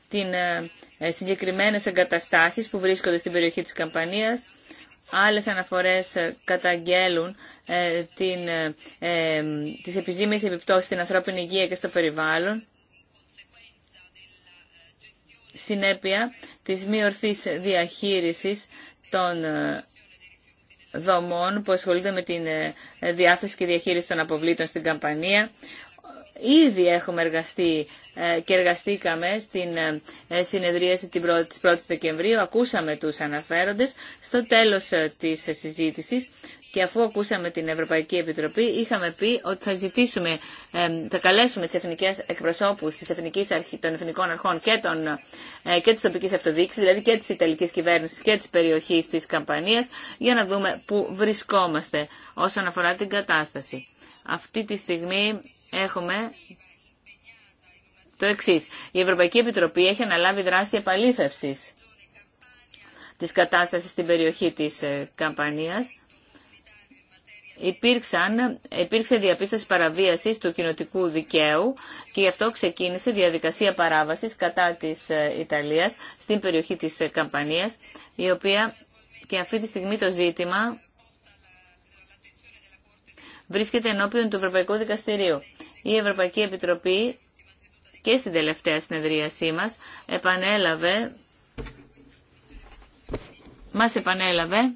την ε, συγκεκριμένες εγκαταστάσεις που βρίσκονται στην περιοχή της Καμπανίας Άλλες αναφορές ε, καταγγέλουν ε, την, ε, ε, τις επιζήμιες επιπτώσεις στην ανθρώπινη υγεία και στο περιβάλλον, συνέπεια της μη ορθής διαχείρισης των δομών που ασχολούνται με την διάθεση και διαχείριση των αποβλήτων στην Καμπανία, Ήδη έχουμε εργαστεί ε, και εργαστήκαμε στην ε, ε, συνεδρίαση την 1η Δεκεμβρίου, ακούσαμε τους αναφέροντες. Στο τέλος της συζήτησης και αφού ακούσαμε την Ευρωπαϊκή Επιτροπή, είχαμε πει ότι θα ζητήσουμε, θα καλέσουμε τι εθνικέ εκπροσώπου των Εθνικών Αρχών και, των, ε, και της τοπικής αυτοδιοίκηση, δηλαδή και τη ιταλική κυβέρνηση και τη περιοχή τη καμπανία, για να δούμε πού βρισκόμαστε όσον αφορά την κατάσταση. Αυτή τη στιγμή έχουμε το εξή. Η Ευρωπαϊκή Επιτροπή έχει αναλάβει δράση επαλήθευση τη κατάσταση στην περιοχή της ε, Καμπανίας υπήρξαν, υπήρξε διαπίστωση παραβίασης του κοινοτικού δικαίου και γι' αυτό ξεκίνησε διαδικασία παράβασης κατά της ε, Ιταλίας στην περιοχή της ε, Καμπανίας, η οποία και αυτή τη στιγμή το ζήτημα βρίσκεται ενώπιον του Ευρωπαϊκού Δικαστηρίου. Η Ευρωπαϊκή Επιτροπή και στην τελευταία συνεδρίασή μας επανέλαβε μας επανέλαβε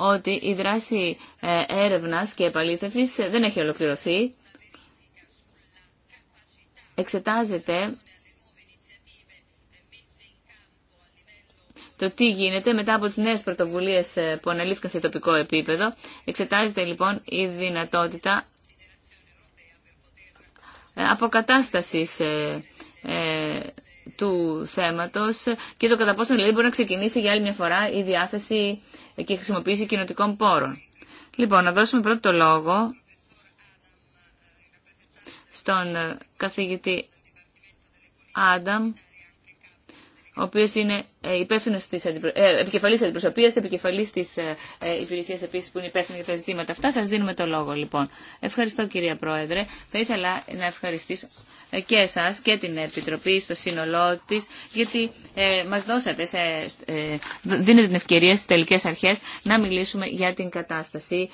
ότι η δράση ε, έρευνας και επαλήθευσης δεν έχει ολοκληρωθεί. Εξετάζεται το τι γίνεται μετά από τις νέες πρωτοβουλίες ε, που αναλύθηκαν σε τοπικό επίπεδο. Εξετάζεται λοιπόν η δυνατότητα ε, αποκατάστασης του θέματο και το κατά πόσο δηλαδή μπορεί να ξεκινήσει για άλλη μια φορά η διάθεση και η χρησιμοποίηση κοινοτικών πόρων. Λοιπόν, να δώσουμε πρώτο το λόγο στον καθηγητή Άνταμ ο οποίο είναι ε, υπεύθυνο τη ε, επικεφαλή αντιπροσωπεία, επικεφαλή τη ε, υπηρεσία επίση που είναι υπεύθυνη για τα ζητήματα αυτά. Σα δίνουμε το λόγο λοιπόν. Ευχαριστώ κυρία Πρόεδρε. Θα ήθελα να ευχαριστήσω και εσά και την Επιτροπή στο σύνολό τη, γιατί ε, μα δώσατε, σε, δίνετε την ευκαιρία στι τελικέ αρχέ να μιλήσουμε για την κατάσταση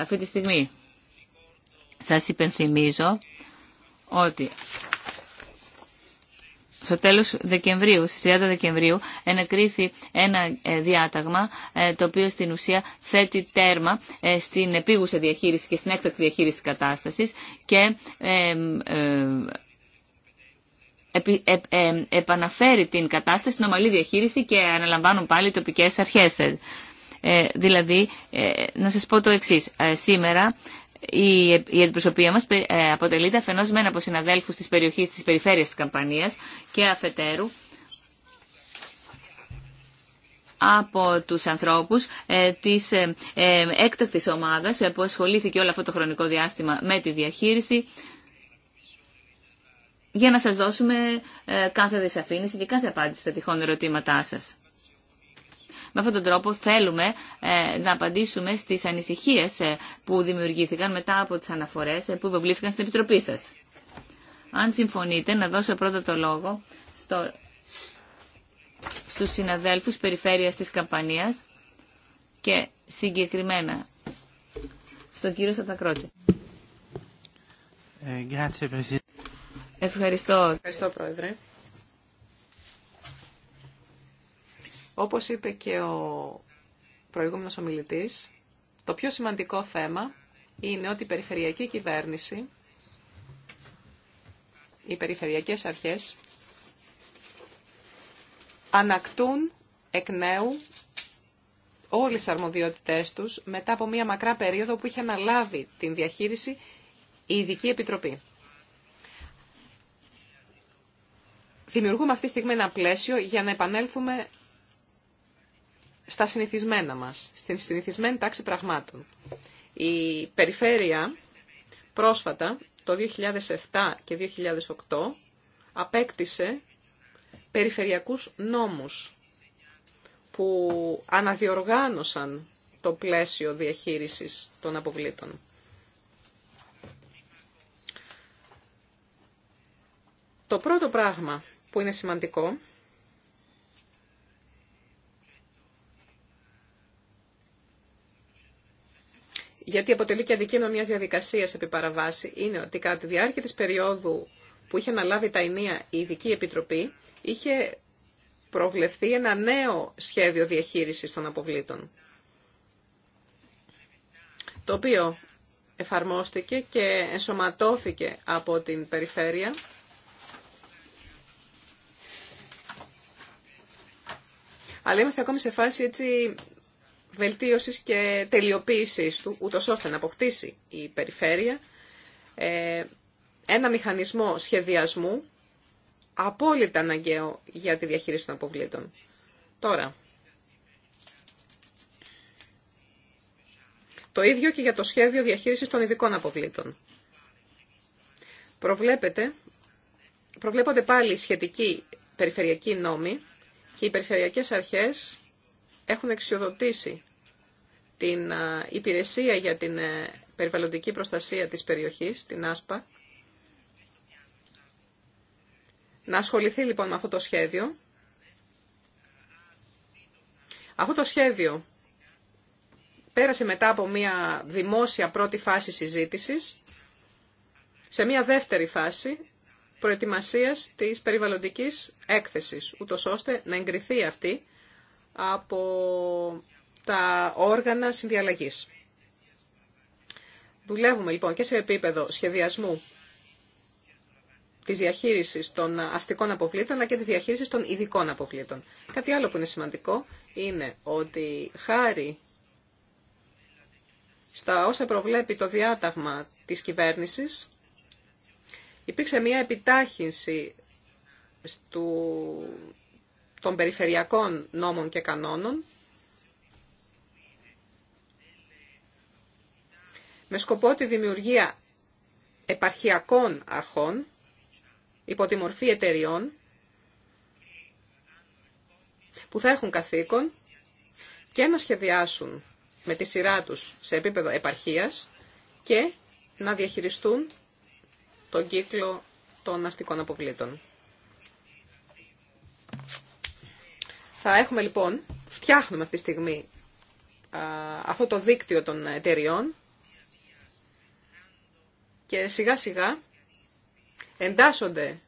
αυτή τη στιγμή. Σας υπενθυμίζω ότι στο τέλος Δεκεμβρίου, στις 30 Δεκεμβρίου, ενακρίθη ένα ε, διάταγμα ε, το οποίο στην ουσία θέτει τέρμα ε, στην επίγουσα διαχείριση και στην έκτακτη διαχείριση της κατάστασης και ε, επαναφέρει την κατάσταση στην ομαλή διαχείριση και αναλαμβάνουν πάλι οι τοπικές αρχές. Ε, δηλαδή, να σας πω το εξής. Σήμερα η, η αντιπροσωπεία μας ε, αποτελείται αφενός μεν από συναδέλφου τη περιοχή τη περιφέρειας τη Καμπανία και αφετέρου από τους ανθρώπους ε, της ε, ε έκτακτης ομάδας ε, που ασχολήθηκε όλο αυτό το χρονικό διάστημα με τη διαχείριση για να σας δώσουμε κάθε δυσαφήνιση και κάθε απάντηση στα τυχόν ερωτήματά σας. Με αυτόν τον τρόπο θέλουμε ε, να απαντήσουμε στις ανησυχίες ε, που δημιουργήθηκαν μετά από τις αναφορές ε, που υποβλήθηκαν στην Επιτροπή σας. Αν συμφωνείτε, να δώσω πρώτα το λόγο στο, στους συναδέλφους περιφέρειας της Καμπανίας και συγκεκριμένα στον κύριο Σατακρότη. Ευχαριστώ. Ευχαριστώ, Πρόεδρε. Όπως είπε και ο προηγούμενος ομιλητής, το πιο σημαντικό θέμα είναι ότι η περιφερειακή κυβέρνηση, οι περιφερειακές αρχές, ανακτούν εκ νέου όλες τις αρμοδιότητές τους μετά από μια μακρά περίοδο που είχε αναλάβει την διαχείριση η Ειδική Επιτροπή. Δημιουργούμε αυτή τη στιγμή ένα πλαίσιο για να επανέλθουμε στα συνηθισμένα μας, στην συνηθισμένη τάξη πραγμάτων. Η περιφέρεια πρόσφατα, το 2007 και 2008, απέκτησε περιφερειακούς νόμους που αναδιοργάνωσαν το πλαίσιο διαχείρισης των αποβλήτων. Το πρώτο πράγμα που είναι σημαντικό γιατί αποτελεί και αντικείμενο μιας διαδικασίας επί παραβάση, είναι ότι κατά τη διάρκεια της περίοδου που είχε αναλάβει τα ενία η Ειδική Επιτροπή, είχε προβλεφθεί ένα νέο σχέδιο διαχείρισης των αποβλήτων, το οποίο εφαρμόστηκε και ενσωματώθηκε από την περιφέρεια αλλά είμαστε ακόμη σε φάση έτσι βελτίωσης και τελειοποίησης του, ούτως ώστε να αποκτήσει η περιφέρεια ε, ένα μηχανισμό σχεδιασμού απόλυτα αναγκαίο για τη διαχείριση των αποβλήτων. Τώρα, το ίδιο και για το σχέδιο διαχείρισης των ειδικών αποβλήτων. Προβλέπετε προβλέπονται πάλι σχετικοί περιφερειακοί νόμοι και οι περιφερειακές αρχές έχουν εξοδοτήσει την ε, υπηρεσία για την ε, περιβαλλοντική προστασία της περιοχής, την άσπα. Να ασχοληθεί λοιπόν με αυτό το σχέδιο. Αυτό το σχέδιο πέρασε μετά από μια δημόσια πρώτη φάση συζήτησης σε μια δεύτερη φάση προετοιμασίας της περιβαλλοντικής έκθεσης, ούτως ώστε να εγκριθεί αυτή από τα όργανα συνδιαλλαγής. Δουλεύουμε λοιπόν και σε επίπεδο σχεδιασμού της διαχείρισης των αστικών αποβλήτων αλλά και της διαχείρισης των ειδικών αποβλήτων. Κάτι άλλο που είναι σημαντικό είναι ότι χάρη στα όσα προβλέπει το διάταγμα της κυβέρνησης υπήρξε μια επιτάχυνση του, των περιφερειακών νόμων και κανόνων με σκοπό τη δημιουργία επαρχιακών αρχών υπό τη μορφή εταιριών που θα έχουν καθήκον και να σχεδιάσουν με τη σειρά τους σε επίπεδο επαρχίας και να διαχειριστούν τον κύκλο των αστικών αποβλήτων. Θα έχουμε λοιπόν, φτιάχνουμε αυτή τη στιγμή αυτό το δίκτυο των εταιριών και σιγά σιγά εντάσσονται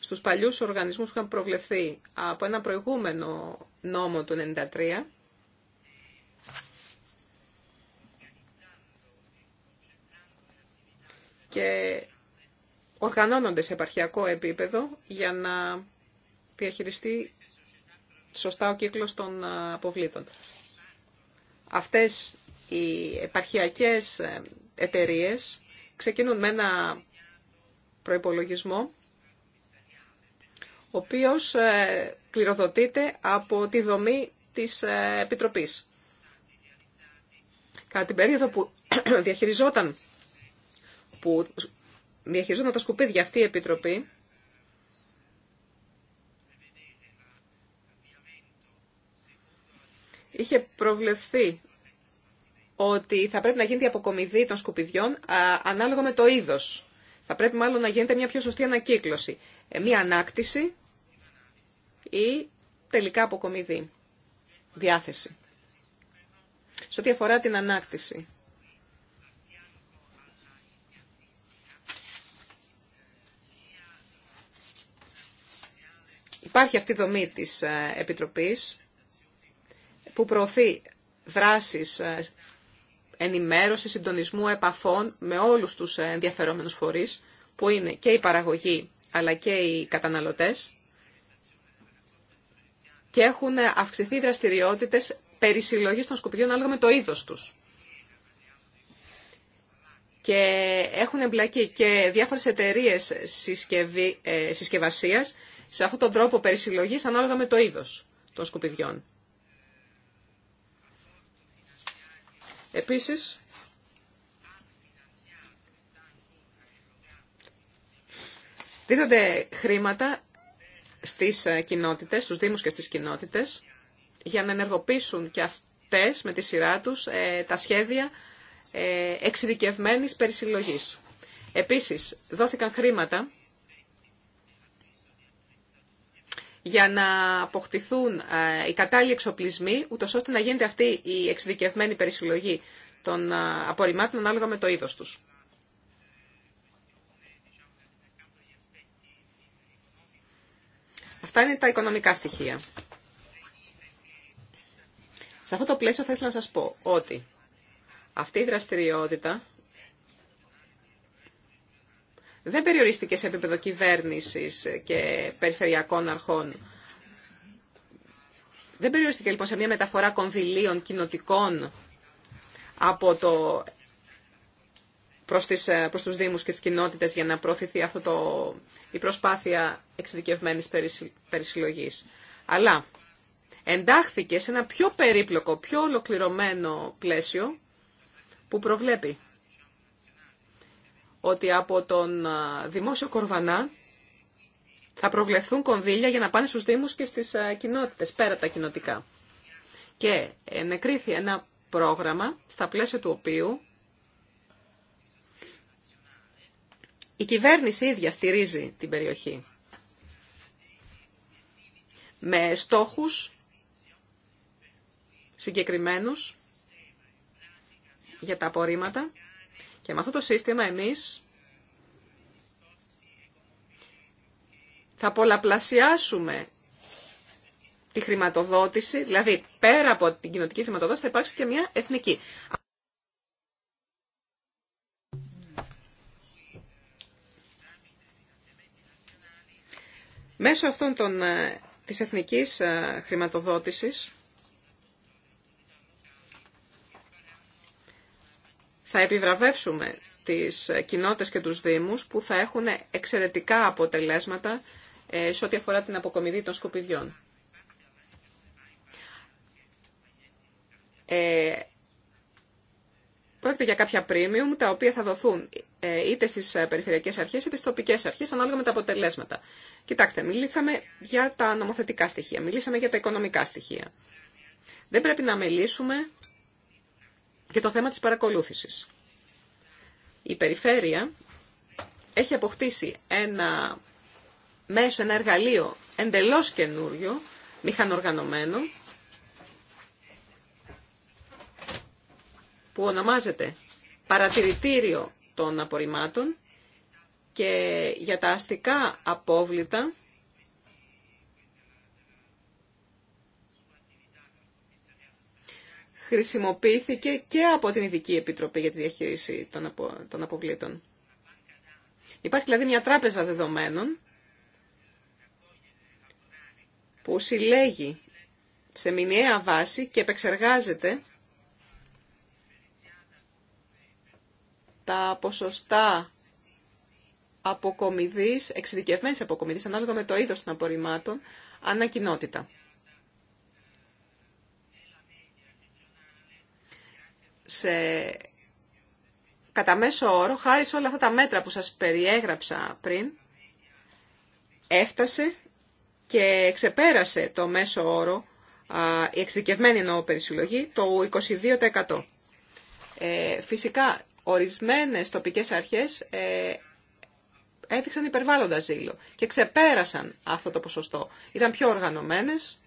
στους παλιούς οργανισμούς που είχαν προβλεφθεί από ένα προηγούμενο νόμο του 1993, και οργανώνονται σε επαρχιακό επίπεδο για να διαχειριστεί σωστά ο κύκλος των αποβλήτων. Αυτές οι επαρχιακές ε, εταιρείε ξεκινούν με ένα προϋπολογισμό ο οποίος κληροδοτείται ε, από τη δομή της ε, Επιτροπής. Κατά την περίοδο που διαχειριζόταν, που διαχειριζόταν τα σκουπίδια αυτή η Επιτροπή, είχε προβλεφθεί ότι θα πρέπει να γίνεται η αποκομιδή των σκουπιδιών ανάλογα με το είδος. Θα πρέπει μάλλον να γίνεται μια πιο σωστή ανακύκλωση, ε, μια ανάκτηση ή τελικά αποκομιδή, διάθεση. Σε ό,τι αφορά την ανάκτηση. Υπάρχει αυτή η δομή της ε, Επιτροπής που προωθεί δράσεις ε, ενημέρωση, συντονισμού επαφών με όλους τους ενδιαφερόμενους φορείς, που είναι και η παραγωγή αλλά και οι καταναλωτές, και έχουν αυξηθεί δραστηριότητες περί των σκουπιδιών ανάλογα με το είδος τους. Και έχουν εμπλακεί και διάφορες εταιρείες ε, συσκευασίας σε αυτόν τον τρόπο περισυλλογής ανάλογα με το είδος των σκουπιδιών. Επίσης, δίδονται χρήματα στις ε, κοινότητες, στους δήμους και στις κοινότητες, για να ενεργοποιήσουν και αυτές με τη σειρά τους ε, τα σχέδια ε, εξειδικευμένης περισυλλογής. Επίσης, δόθηκαν χρήματα για να αποκτηθούν ε, οι κατάλληλοι εξοπλισμοί, ούτως ώστε να γίνεται αυτή η εξειδικευμένη περισυλλογή των ε, απορριμμάτων ανάλογα με το είδος τους. Αυτά είναι τα οικονομικά στοιχεία. Σε αυτό το πλαίσιο θα ήθελα να σας πω ότι αυτή η δραστηριότητα δεν περιορίστηκε σε επίπεδο κυβέρνηση και περιφερειακών αρχών. Δεν περιορίστηκε λοιπόν σε μια μεταφορά κονδυλίων κοινοτικών από το προς, ε, τους Δήμους και τις κοινότητες για να προωθηθεί αυτό το, η προσπάθεια εξειδικευμένης περισυλλογής. Αλλά εντάχθηκε σε ένα πιο περίπλοκο, πιο ολοκληρωμένο πλαίσιο που προβλέπει ότι από τον δημόσιο κορβανά θα προβλεφθούν κονδύλια για να πάνε στους Δήμους και στις κοινότητες, πέρα τα κοινοτικά. Και ενεκρίθη ένα πρόγραμμα, στα πλαίσια του οποίου η κυβέρνηση ίδια στηρίζει την περιοχή. Με στόχους συγκεκριμένους για τα απορρίμματα και με αυτό το σύστημα εμείς θα πολλαπλασιάσουμε τη χρηματοδότηση, δηλαδή πέρα από την κοινωτική χρηματοδότηση θα υπάρξει και μια εθνική. Μέσω αυτών των, ε, της εθνικής ε, χρηματοδότησης θα επιβραβεύσουμε τις κοινότητες και τους δήμους που θα έχουν εξαιρετικά αποτελέσματα ε, σε ό,τι αφορά την αποκομιδή των σκουπιδιών. Ε, πρόκειται για κάποια premium τα οποία θα δοθούν ε, είτε στις ε, περιφερειακές αρχές είτε στις τοπικές αρχές ανάλογα με τα αποτελέσματα. Κοιτάξτε, μιλήσαμε για τα νομοθετικά στοιχεία, μιλήσαμε για τα οικονομικά στοιχεία. Δεν πρέπει να μιλήσουμε και το θέμα της παρακολούθησης. Η περιφέρεια έχει αποκτήσει ένα μέσο, ένα εργαλείο εντελώς καινούριο, μηχανοργανωμένο, που ονομάζεται παρατηρητήριο των απορριμμάτων και για τα αστικά απόβλητα χρησιμοποιήθηκε και από την Ειδική Επιτροπή για τη διαχείριση των, απο, των αποβλήτων. Υπάρχει δηλαδή μια τράπεζα δεδομένων που συλλέγει σε μηνιαία βάση και επεξεργάζεται τα ποσοστά αποκομιδής, εξειδικευμένης αποκομιδής, ανάλογα με το είδος των απορριμμάτων, ανακοινότητα. σε, κατά μέσο όρο, χάρη σε όλα αυτά τα μέτρα που σας περιέγραψα πριν, έφτασε και ξεπέρασε το μέσο όρο, η εξειδικευμένη εννοώ το 22%. Ε, φυσικά, ορισμένες τοπικές αρχές ε, έδειξαν υπερβάλλοντα ζήλο και ξεπέρασαν αυτό το ποσοστό. Ήταν πιο οργανωμένες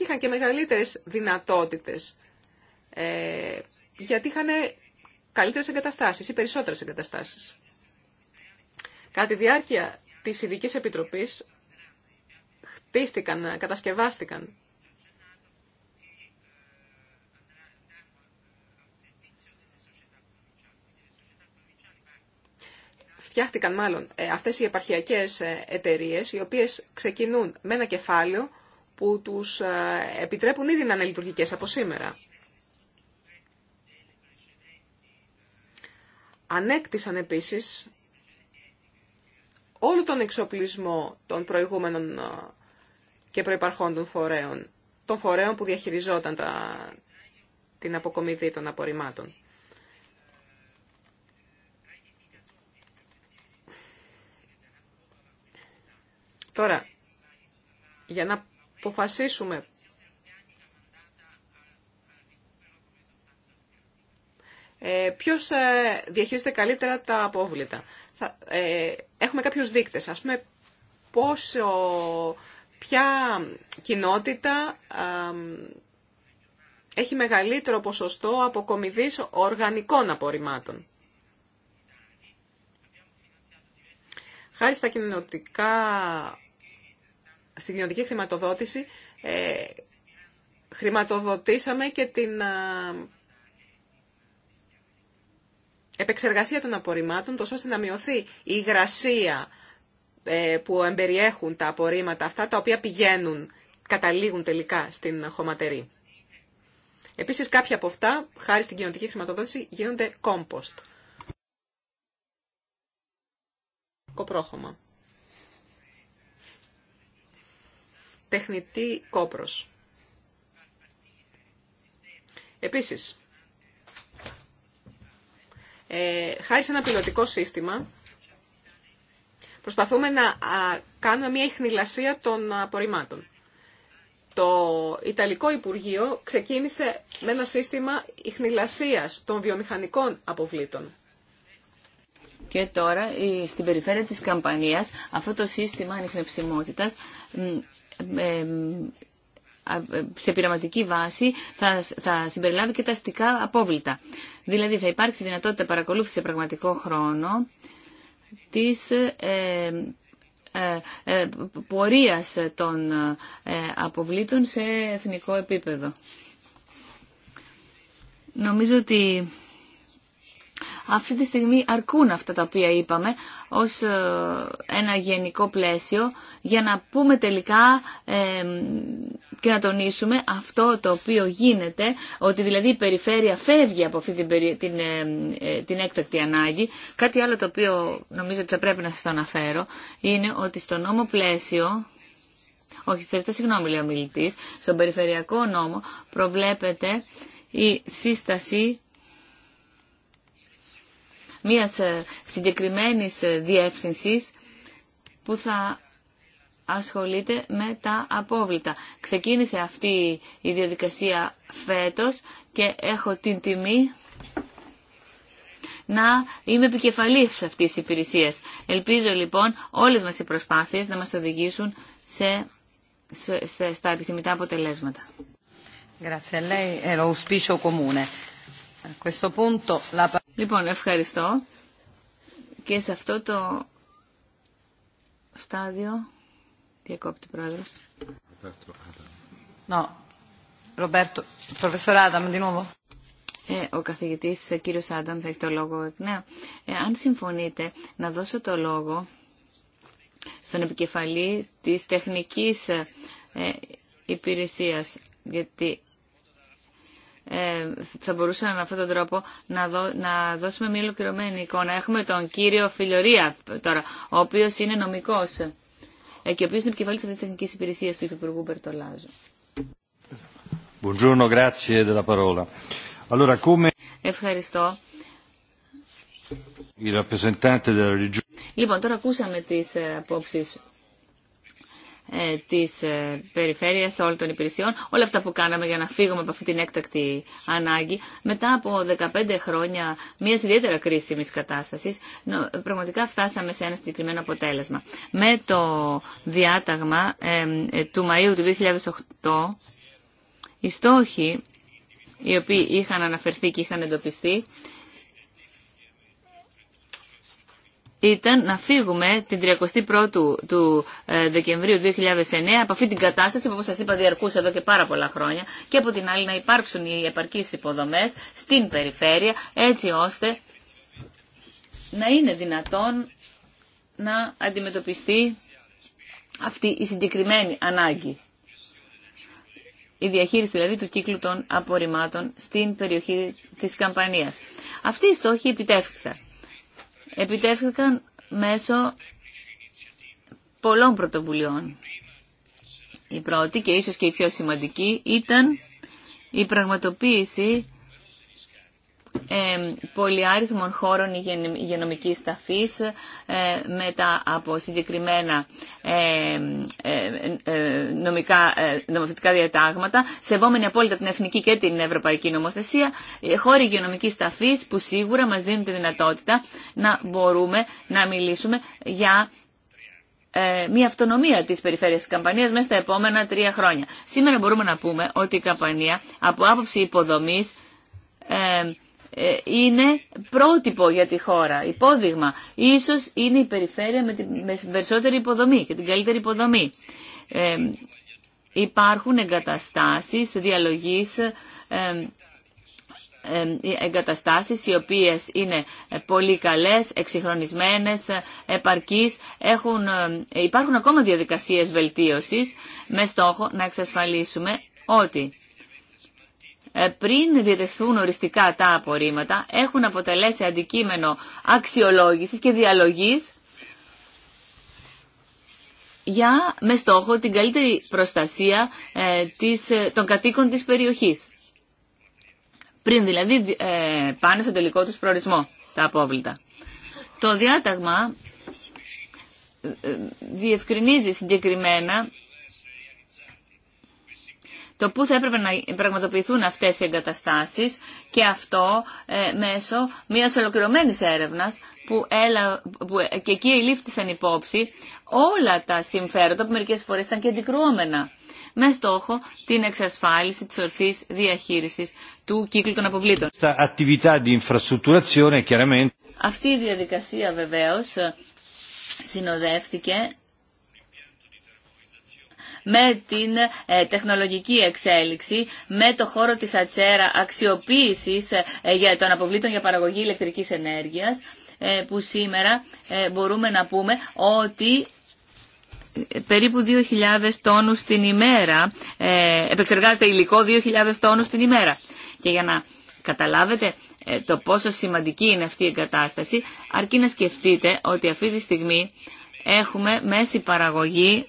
και είχαν και μεγαλύτερες δυνατότητες, ε, γιατί είχαν καλύτερες εγκαταστάσεις ή περισσότερες εγκαταστάσεις. Κατά τη διάρκεια της ειδική Επιτροπής χτίστηκαν, κατασκευάστηκαν φτιάχτηκαν μάλλον ε, αυτές οι επαρχιακές ε, εταιρείες οι οποίες ξεκινούν με ένα κεφάλαιο που τους ε, επιτρέπουν ήδη να είναι λειτουργικές από σήμερα. Ανέκτησαν επίσης όλο τον εξοπλισμό των προηγούμενων ε, και προϋπαρχόντων των φορέων, των φορέων που διαχειριζόταν τα, την αποκομιδή των απορριμμάτων. Τώρα, για να αποφασίσουμε ε, ποιος ε, διαχείριζεται καλύτερα τα απόβλητα. Θα, ε, έχουμε κάποιους δείκτες, ας πούμε πόσο, ποια κοινότητα έχει μεγαλύτερο ποσοστό αποκομιδής οργανικών απορριμμάτων. Χάρη στα κοινωνικά στην κοινωνική χρηματοδότηση ε, χρηματοδοτήσαμε και την επεξεργασία των απορριμμάτων, τόσο ώστε να μειωθεί η υγρασία ε, που εμπεριέχουν τα απορρίμματα αυτά, τα οποία πηγαίνουν, καταλήγουν τελικά στην χωματερή. Επίσης κάποια από αυτά, χάρη στην κοινωνική χρηματοδότηση, γίνονται κόμποστ. Κοπρόχωμα. τεχνητή κόπρος. Επίσης, ε, χάρη σε ένα πιλωτικό σύστημα, προσπαθούμε να κάνουμε μια ιχνηλασία των απορριμμάτων. Το Ιταλικό Υπουργείο ξεκίνησε με ένα σύστημα ιχνηλασίας των βιομηχανικών αποβλήτων. Και τώρα ε, στην περιφέρεια της Καμπανίας αυτό το σύστημα ανιχνευσιμότητας σε πειραματική βάση θα, θα συμπεριλάβει και τα αστικά απόβλητα. Δηλαδή θα υπάρξει δυνατότητα παρακολούθηση σε πραγματικό χρόνο της ε, ε, ε, ε πορείας των αποβλήτων σε εθνικό επίπεδο. Νομίζω ότι αυτή τη στιγμή αρκούν αυτά τα οποία είπαμε ως ε, ένα γενικό πλαίσιο για να πούμε τελικά ε, και να τονίσουμε αυτό το οποίο γίνεται, ότι δηλαδή η περιφέρεια φεύγει από αυτή την, ε, την, έκτακτη ανάγκη. Κάτι άλλο το οποίο νομίζω ότι θα πρέπει να σας το αναφέρω είναι ότι στο νόμο πλαίσιο όχι, συγγνώμη λέει ο μιλητής, στον περιφερειακό νόμο προβλέπεται η σύσταση μιας ε, συγκεκριμένης ε, διεύθυνσης που θα ασχολείται με τα απόβλητα. Ξεκίνησε αυτή η διαδικασία φέτος και έχω την τιμή να είμαι επικεφαλής αυτή τη υπηρεσίας. Ελπίζω λοιπόν όλες μας οι προσπάθειες να μας οδηγήσουν σε, σε, σε στα επιθυμητά αποτελέσματα. Λοιπόν, ευχαριστώ και σε αυτό το στάδιο διακόπτη πρόεδρο. Ρομπέρτο, Άνταμ, ο καθηγητής ε, κύριος Άνταμ θα έχει το λόγο εκ ε, αν συμφωνείτε, να δώσω το λόγο στον επικεφαλή της τεχνικής ε, ε υπηρεσίας, γιατί ε, θα μπορούσαμε με αυτόν τον τρόπο να, δω, να δώσουμε μια ολοκληρωμένη εικόνα. Έχουμε τον κύριο Φιλιορία, τώρα, ο οποίο είναι νομικός ε, και ο οποίο είναι επικεφαλή τη τεχνική υπηρεσία του Υπουργού Μπερτολάζου. Ευχαριστώ. Λοιπόν, τώρα ακούσαμε τι ε, απόψει. Ε, της ε, περιφέρειας όλων των υπηρεσιών, όλα αυτά που κάναμε για να φύγουμε από αυτή την έκτακτη ανάγκη, μετά από 15 χρόνια μια ιδιαίτερα κρίσιμη κατάσταση, πραγματικά φτάσαμε σε ένα συγκεκριμένο αποτέλεσμα. Με το διάταγμα ε, του Μαΐου του 2008, οι στόχοι οι οποίοι είχαν αναφερθεί και είχαν εντοπιστεί, ήταν να φύγουμε την 31η του ε, Δεκεμβρίου 2009 από αυτή την κατάσταση που όπως σας είπα διαρκούσε εδώ και πάρα πολλά χρόνια και από την άλλη να υπάρξουν οι επαρκείς υποδομές στην περιφέρεια έτσι ώστε να είναι δυνατόν να αντιμετωπιστεί αυτή η συγκεκριμένη ανάγκη. Η διαχείριση δηλαδή του κύκλου των απορριμμάτων στην περιοχή της Καμπανίας. Αυτή η στόχη επιτεύχθηκαν επιτεύχθηκαν μέσω πολλών πρωτοβουλειών. Η πρώτη και ίσως και η πιο σημαντική ήταν η πραγματοποίηση πολυάριθμων χώρων υγειονομικής ταφής ε, μετά από συγκεκριμένα ε, ε, νομικά, νομοθετικά διατάγματα, σεβόμενοι απόλυτα την εθνική και την ευρωπαϊκή νομοθεσία, χώροι υγειονομικής ταφής που σίγουρα μας δίνουν τη δυνατότητα να μπορούμε να μιλήσουμε για μια αυτονομία τη περιφέρεια τη Καμπανία μέσα στα επόμενα τρία χρόνια. Σήμερα μπορούμε να πούμε ότι η Καμπανία από άποψη υποδομή ε, είναι πρότυπο για τη χώρα, υπόδειγμα. Ίσως είναι η περιφέρεια με την περισσότερη υποδομή και την καλύτερη υποδομή. Ε, υπάρχουν εγκαταστάσεις διαλογής ε, ε, εγκαταστάσεις οι οποίες είναι πολύ καλές, εξυγχρονισμένες, επαρκείς. Έχουν, υπάρχουν ακόμα διαδικασίες βελτίωσης με στόχο να εξασφαλίσουμε ότι ε, πριν διατεθούν οριστικά τα απορρίμματα, έχουν αποτελέσει αντικείμενο αξιολόγησης και διαλογής για, με στόχο την καλύτερη προστασία ε, της, ε, των κατοίκων της περιοχής. Πριν δηλαδή ε, πάνε στο τελικό τους προορισμό τα απόβλητα. Το διάταγμα διευκρινίζει συγκεκριμένα το πού θα έπρεπε να πραγματοποιηθούν αυτές οι εγκαταστάσεις και αυτό ε, μέσω μιας ολοκληρωμένης έρευνας που, θα επρεπε να πραγματοποιηθουν αυτες οι εγκαταστασεις και αυτο μεσω μιας ολοκληρωμενης ερευνας που ελα που και εκεί ελήφθησαν υπόψη όλα τα συμφέροντα που μερικές φορές ήταν και αντικρουόμενα με στόχο την εξασφάλιση της ορθής διαχείρισης του κύκλου των αποβλήτων. Αυτή η διαδικασία βεβαίως συνοδεύτηκε με την ε, τεχνολογική εξέλιξη, με το χώρο της ατσέρα αξιοποίησης ε, για των αποβλήτων για παραγωγή ηλεκτρικής ενέργειας, ε, που σήμερα μπορούμε να πούμε ότι περίπου 2.000 τόνους την ημέρα, επεξεργάζεται υλικό 2.000 τόνους την ημέρα. Και για να καταλάβετε το πόσο σημαντική είναι αυτή η εγκατάσταση, αρκεί να σκεφτείτε ότι αυτή τη στιγμή έχουμε μέση παραγωγή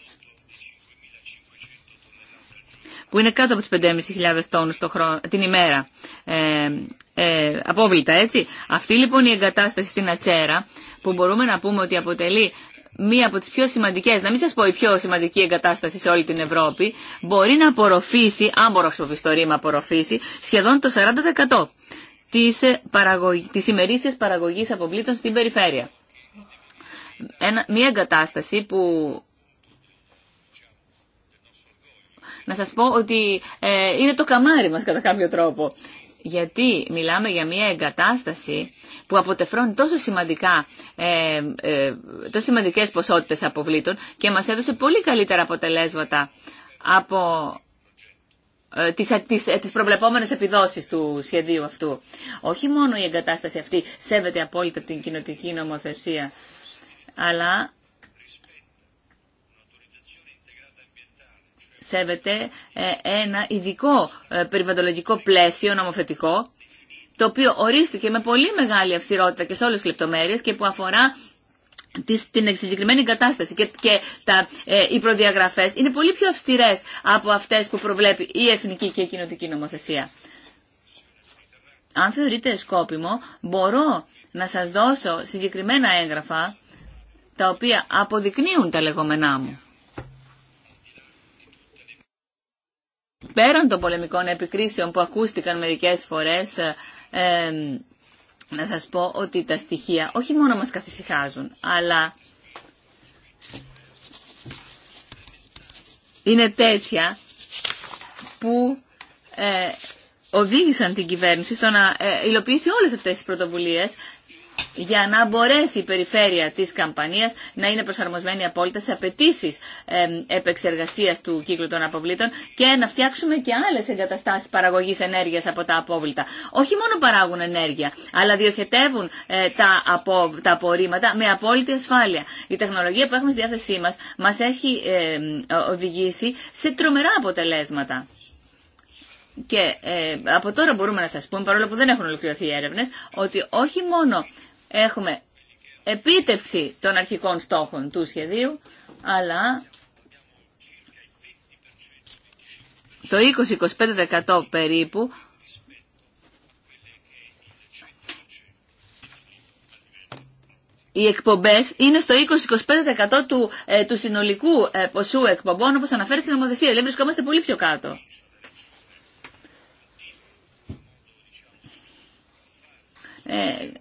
που είναι κάτω από τις 5.500 τόνους το την ημέρα ε, ε, απόβλητα, έτσι. Αυτή λοιπόν η εγκατάσταση στην Ατσέρα, που μπορούμε να πούμε ότι αποτελεί μία από τις πιο σημαντικές, να μην σας πω η πιο σημαντική εγκατάσταση σε όλη την Ευρώπη, μπορεί να απορροφήσει, αν μπορώ να χρησιμοποιήσω το ρήμα απορροφήσει, σχεδόν το 40% της, ε, παραγωγή, της ημερήσιας παραγωγής αποβλήτων στην περιφέρεια. μία εγκατάσταση που να σας πω ότι ε, είναι το καμάρι μας κατά κάποιο τρόπο. Γιατί μιλάμε για μια εγκατάσταση που αποτεφρώνει τόσο, σημαντικά, ε, ε, τόσο σημαντικές ποσότητες αποβλήτων και μας έδωσε πολύ καλύτερα αποτελέσματα από ε, τις, ε, τις, τις προβλεπόμενες επιδόσεις του σχεδίου αυτού. Όχι μόνο η εγκατάσταση αυτή σέβεται απόλυτα την κοινοτική νομοθεσία, αλλά σέβεται ε, ένα ειδικό ε, περιβαλλοντολογικό πλαίσιο νομοθετικό, το οποίο ορίστηκε με πολύ μεγάλη αυστηρότητα και σε όλες τις λεπτομέρειες και που αφορά την συγκεκριμένη κατάσταση και, και τα, ε, οι προδιαγραφές είναι πολύ πιο αυστηρές από αυτές που προβλέπει η εθνική και η κοινωτική νομοθεσία. Αν θεωρείτε σκόπιμο, μπορώ να σας δώσω συγκεκριμένα έγγραφα τα οποία αποδεικνύουν τα λεγόμενά μου. πέραν των πολεμικών επικρίσεων που ακούστηκαν μερικές φορές, ε, ε, να σας πω ότι τα στοιχεία όχι μόνο μας καθησυχάζουν, αλλά είναι τέτοια που ε, οδήγησαν την κυβέρνηση στο να υλοποιήσει όλες αυτές τις πρωτοβουλίες για να μπορέσει η περιφέρεια της Καμπανίας να είναι προσαρμοσμένη απόλυτα σε απαιτήσει επεξεργασίας του κύκλου των αποβλήτων και να φτιάξουμε και άλλες εγκαταστάσεις παραγωγής ενέργειας από τα απόβλητα. Όχι μόνο παράγουν ενέργεια, αλλά διοχετεύουν ε, τα, τα απορρίμματα με απόλυτη ασφάλεια. Η τεχνολογία που έχουμε στη διάθεσή μας μας έχει οδηγήσει σε τρομερά αποτελέσματα. Και ε, από τώρα μπορούμε να σας πούμε, παρόλο που δεν έχουν ολοκληρωθεί οι έρευνες, ότι όχι μόνο έχουμε επίτευξη των αρχικών στόχων του σχεδίου, αλλά το 20-25% περίπου οι εκπομπές είναι στο 20-25% του, ε, του συνολικού ε, ποσού εκπομπών όπως αναφέρει στην νομοθεσία. Δηλαδή βρισκόμαστε πολύ πιο κάτω. Ε,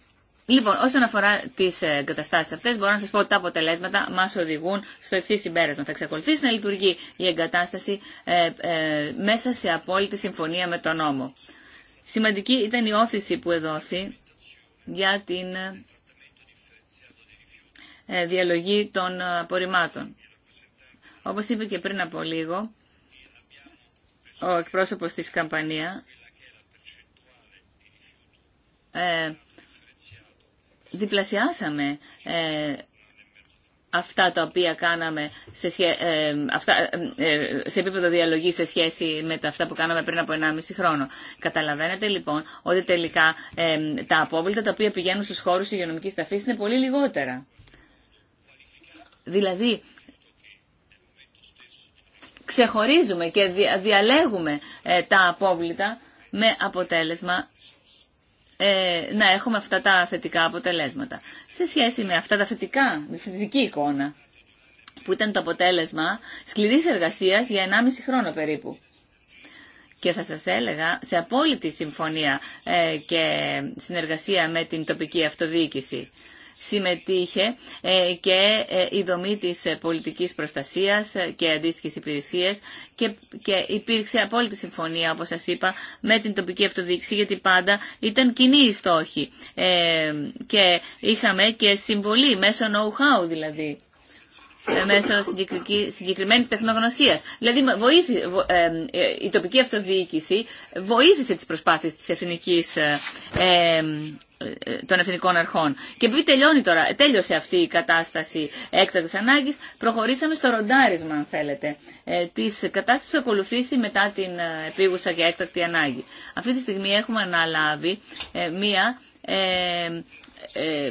Λοιπόν, όσον αφορά τι ε, εγκαταστάσει αυτέ, μπορώ να σα πω ότι τα αποτελέσματα μα οδηγούν στο εξή συμπέρασμα. Θα εξακολουθήσει να λειτουργεί η εγκατάσταση ε, ε, μέσα σε απόλυτη συμφωνία με τον νόμο. Σημαντική ήταν η όθηση που εδόθη για την ε, διαλογή των απορριμμάτων. Όπως είπε και πριν από λίγο ο εκπρόσωπος της Καμπανία, ε, διπλασιάσαμε ε, αυτά τα οποία κάναμε σε, ε, αυτά, ε, σε επίπεδο διαλογής σε σχέση με τα αυτά που κάναμε πριν από 1,5 χρόνο. Καταλαβαίνετε λοιπόν ότι τελικά ε, τα απόβλητα τα οποία πηγαίνουν στους χώρους υγειονομικής ταφής είναι πολύ λιγότερα. Δηλαδή, ξεχωρίζουμε και διαλέγουμε τα απόβλητα με αποτέλεσμα ε, να έχουμε αυτά τα θετικά αποτελέσματα. Σε σχέση με αυτά τα θετικά, τη θετική εικόνα, που ήταν το αποτέλεσμα σκληρής εργασία για 1,5 χρόνο περίπου. Και θα σας έλεγα, σε απόλυτη συμφωνία ε, και συνεργασία με την τοπική αυτοδιοίκηση συμμετείχε ε, και ε, η δομή της ε, πολιτικής προστασίας και αντίστοιχες υπηρεσίες και, και υπήρξε απόλυτη συμφωνία, όπως σας είπα, με την τοπική αυτοδιοίκηση, γιατί πάντα ήταν κοινή η στόχη και είχαμε και συμβολή μέσω know-how δηλαδή. Ε, μέσω συγκεκριμένη τεχνογνωσία. Δηλαδή ε, ε, η τοπική αυτοδιοίκηση βοήθησε τις προσπάθειες της Ε, των εθνικών αρχών. Και επειδή τελειώνει τώρα, τέλειωσε αυτή η κατάσταση έκτακτης ανάγκης, προχωρήσαμε στο ροντάρισμα, αν θέλετε, της κατάστασης που θα ακολουθήσει μετά την επίγουσα και έκτακτη ανάγκη. Αυτή τη στιγμή έχουμε αναλάβει μία ε, ε,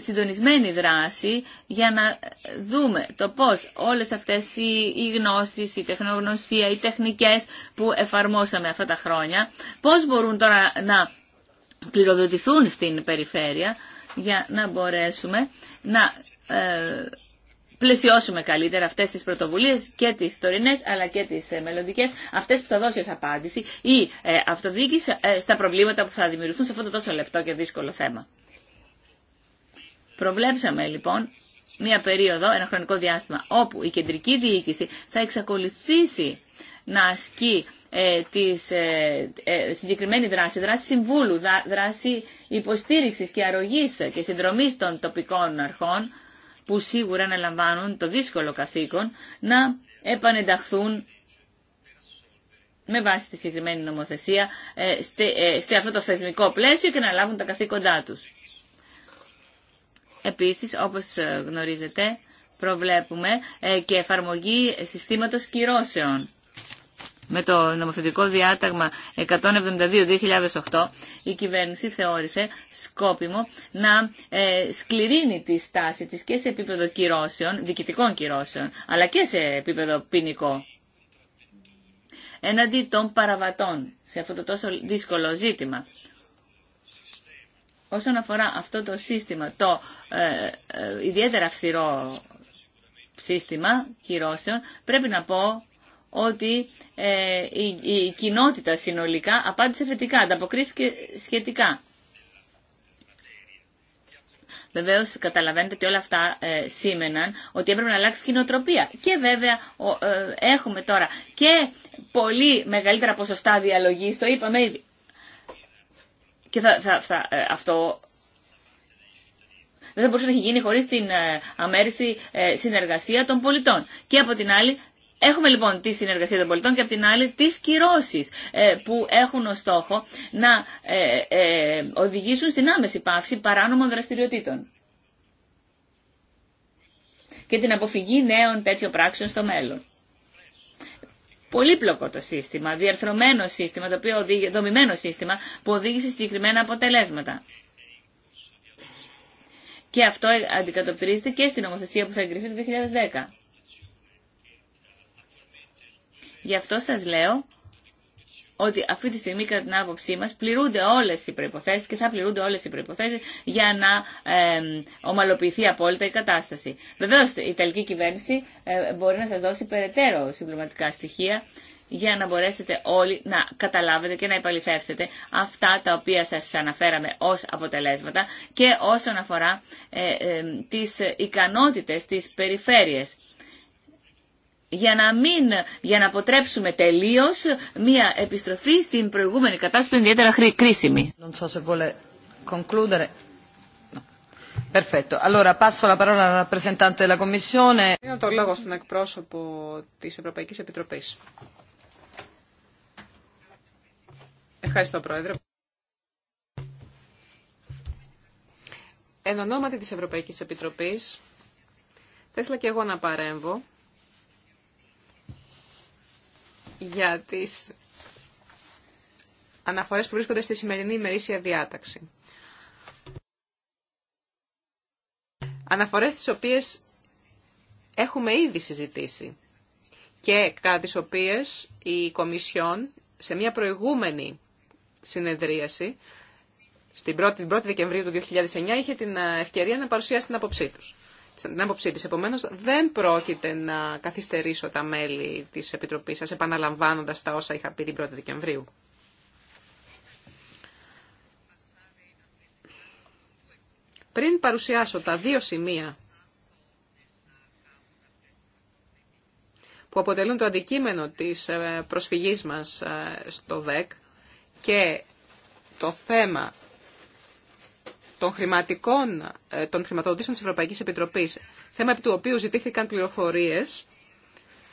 συντονισμένη δράση για να δούμε το πώς όλες αυτές οι γνώσεις, η τεχνογνωσία, οι τεχνικές που εφαρμόσαμε αυτά τα χρόνια, πώς μπορούν τώρα να κληροδοτηθούν στην περιφέρεια για να μπορέσουμε να ε, πλαισιώσουμε καλύτερα αυτέ τι πρωτοβουλίε και τι τωρινέ αλλά και τι ε, μελλοντικέ, αυτέ που θα δώσει ω απάντηση η αυτοδιοίκηση στα προβλήματα που θα δημιουργηθούν σε αυτό το τόσο λεπτό και δύσκολο θέμα. Προβλέψαμε λοιπόν μια περίοδο, ένα χρονικό διάστημα, όπου η κεντρική διοίκηση θα εξακολουθήσει να ασκεί ε, τις, ε, ε, συγκεκριμένη δράση, δράση συμβούλου, δράση υποστήριξης και αρρωγής και συνδρομής των τοπικών αρχών, που σίγουρα αναλαμβάνουν το δύσκολο καθήκον να επανενταχθούν με βάση τη συγκεκριμένη νομοθεσία ε, ε, σε αυτό το θεσμικό πλαίσιο και να λάβουν τα καθήκοντά τους. Επίσης, όπως ε, γνωρίζετε, προβλέπουμε ε, και εφαρμογή συστήματος κυρώσεων. Με το νομοθετικό διάταγμα 172-2008 η κυβέρνηση θεώρησε σκόπιμο να ε, σκληρύνει τη στάση της και σε επίπεδο κυρώσεων, διοικητικών κυρώσεων, αλλά και σε επίπεδο ποινικό έναντι των παραβατών σε αυτό το τόσο δύσκολο ζήτημα. Όσον αφορά αυτό το σύστημα, το ε, ε, ιδιαίτερα αυστηρό σύστημα κυρώσεων, πρέπει να πω ότι ε, η, η κοινότητα συνολικά απάντησε θετικά, ανταποκρίθηκε σχετικά. Βεβαίω, καταλαβαίνετε ότι όλα αυτά ε, σήμαιναν ότι έπρεπε να αλλάξει κοινοτροπία. Και βέβαια, ε, έχουμε τώρα και πολύ μεγαλύτερα ποσοστά διαλογή, το είπαμε ήδη. Και θα, ε, αυτό δεν θα μπορούσε να έχει γίνει χωρίς την ε, αμέριστη ε, συνεργασία των πολιτών. Και από την άλλη Έχουμε λοιπόν τη συνεργασία των πολιτών και από την άλλη τις κυρώσεις που έχουν ως στόχο να οδηγήσουν στην άμεση πάυση παράνομων δραστηριοτήτων και την αποφυγή νέων τέτοιων πράξεων στο μέλλον πολύπλοκο το σύστημα, διαρθρωμένο σύστημα, το οποίο δομημένο σύστημα που οδήγησε συγκεκριμένα αποτελέσματα. Και αυτό αντικατοπτρίζεται και στην νομοθεσία που θα εγκριθεί το 2010. Γι' αυτό σας λέω ότι αυτή τη στιγμή κατά την άποψή μας πληρούνται όλες οι προϋποθέσεις και θα πληρούνται όλες οι προϋποθέσεις για να ομαλοποιηθεί απόλυτα η κατάσταση. Βεβαίω, η Ιταλική κυβέρνηση ε, μπορεί να σας δώσει περαιτέρω συμπληρωματικά στοιχεία για να μπορέσετε όλοι να καταλάβετε και να επαληθεύσετε αυτά τα οποία σας αναφέραμε ως αποτελέσματα και όσον αφορά ε, τις ικανότητες, τις περιφέρειες για να, μην, για να αποτρέψουμε τελείως μία επιστροφή στην προηγούμενη κατάσταση που είναι ιδιαίτερα κρίσιμη. Perfetto. Allora passo la parola al rappresentante della Commissione. Δίνω το λόγο στον εκπρόσωπο της Ευρωπαϊκής Επιτροπής. Ευχαριστώ, Πρόεδρε. Εν ονόματι της Ευρωπαϊκής Επιτροπής, θα ήθελα και εγώ να παρέμβω για τις αναφορές που βρίσκονται στη σημερινή ημερήσια διάταξη. Αναφορές τις οποίες έχουμε ήδη συζητήσει και κατά τις οποίες η Κομισιόν σε μια προηγούμενη συνεδρίαση στην 1 την 1η Δεκεμβρίου του 2009 είχε την ευκαιρία να παρουσιάσει την άποψή τους την άποψή της. Επομένως, δεν πρόκειται να καθυστερήσω τα μέλη της Επιτροπής σας, επαναλαμβάνοντας τα όσα είχα πει την 1η Δεκεμβρίου. Πριν παρουσιάσω τα δύο σημεία που αποτελούν το αντικείμενο της ε, προσφυγής μας ε, στο ΔΕΚ και το θέμα των, χρηματικών, ε, των χρηματοδοτήσεων της Ευρωπαϊκής Επιτροπής, θέμα του οποίου ζητήθηκαν πληροφορίες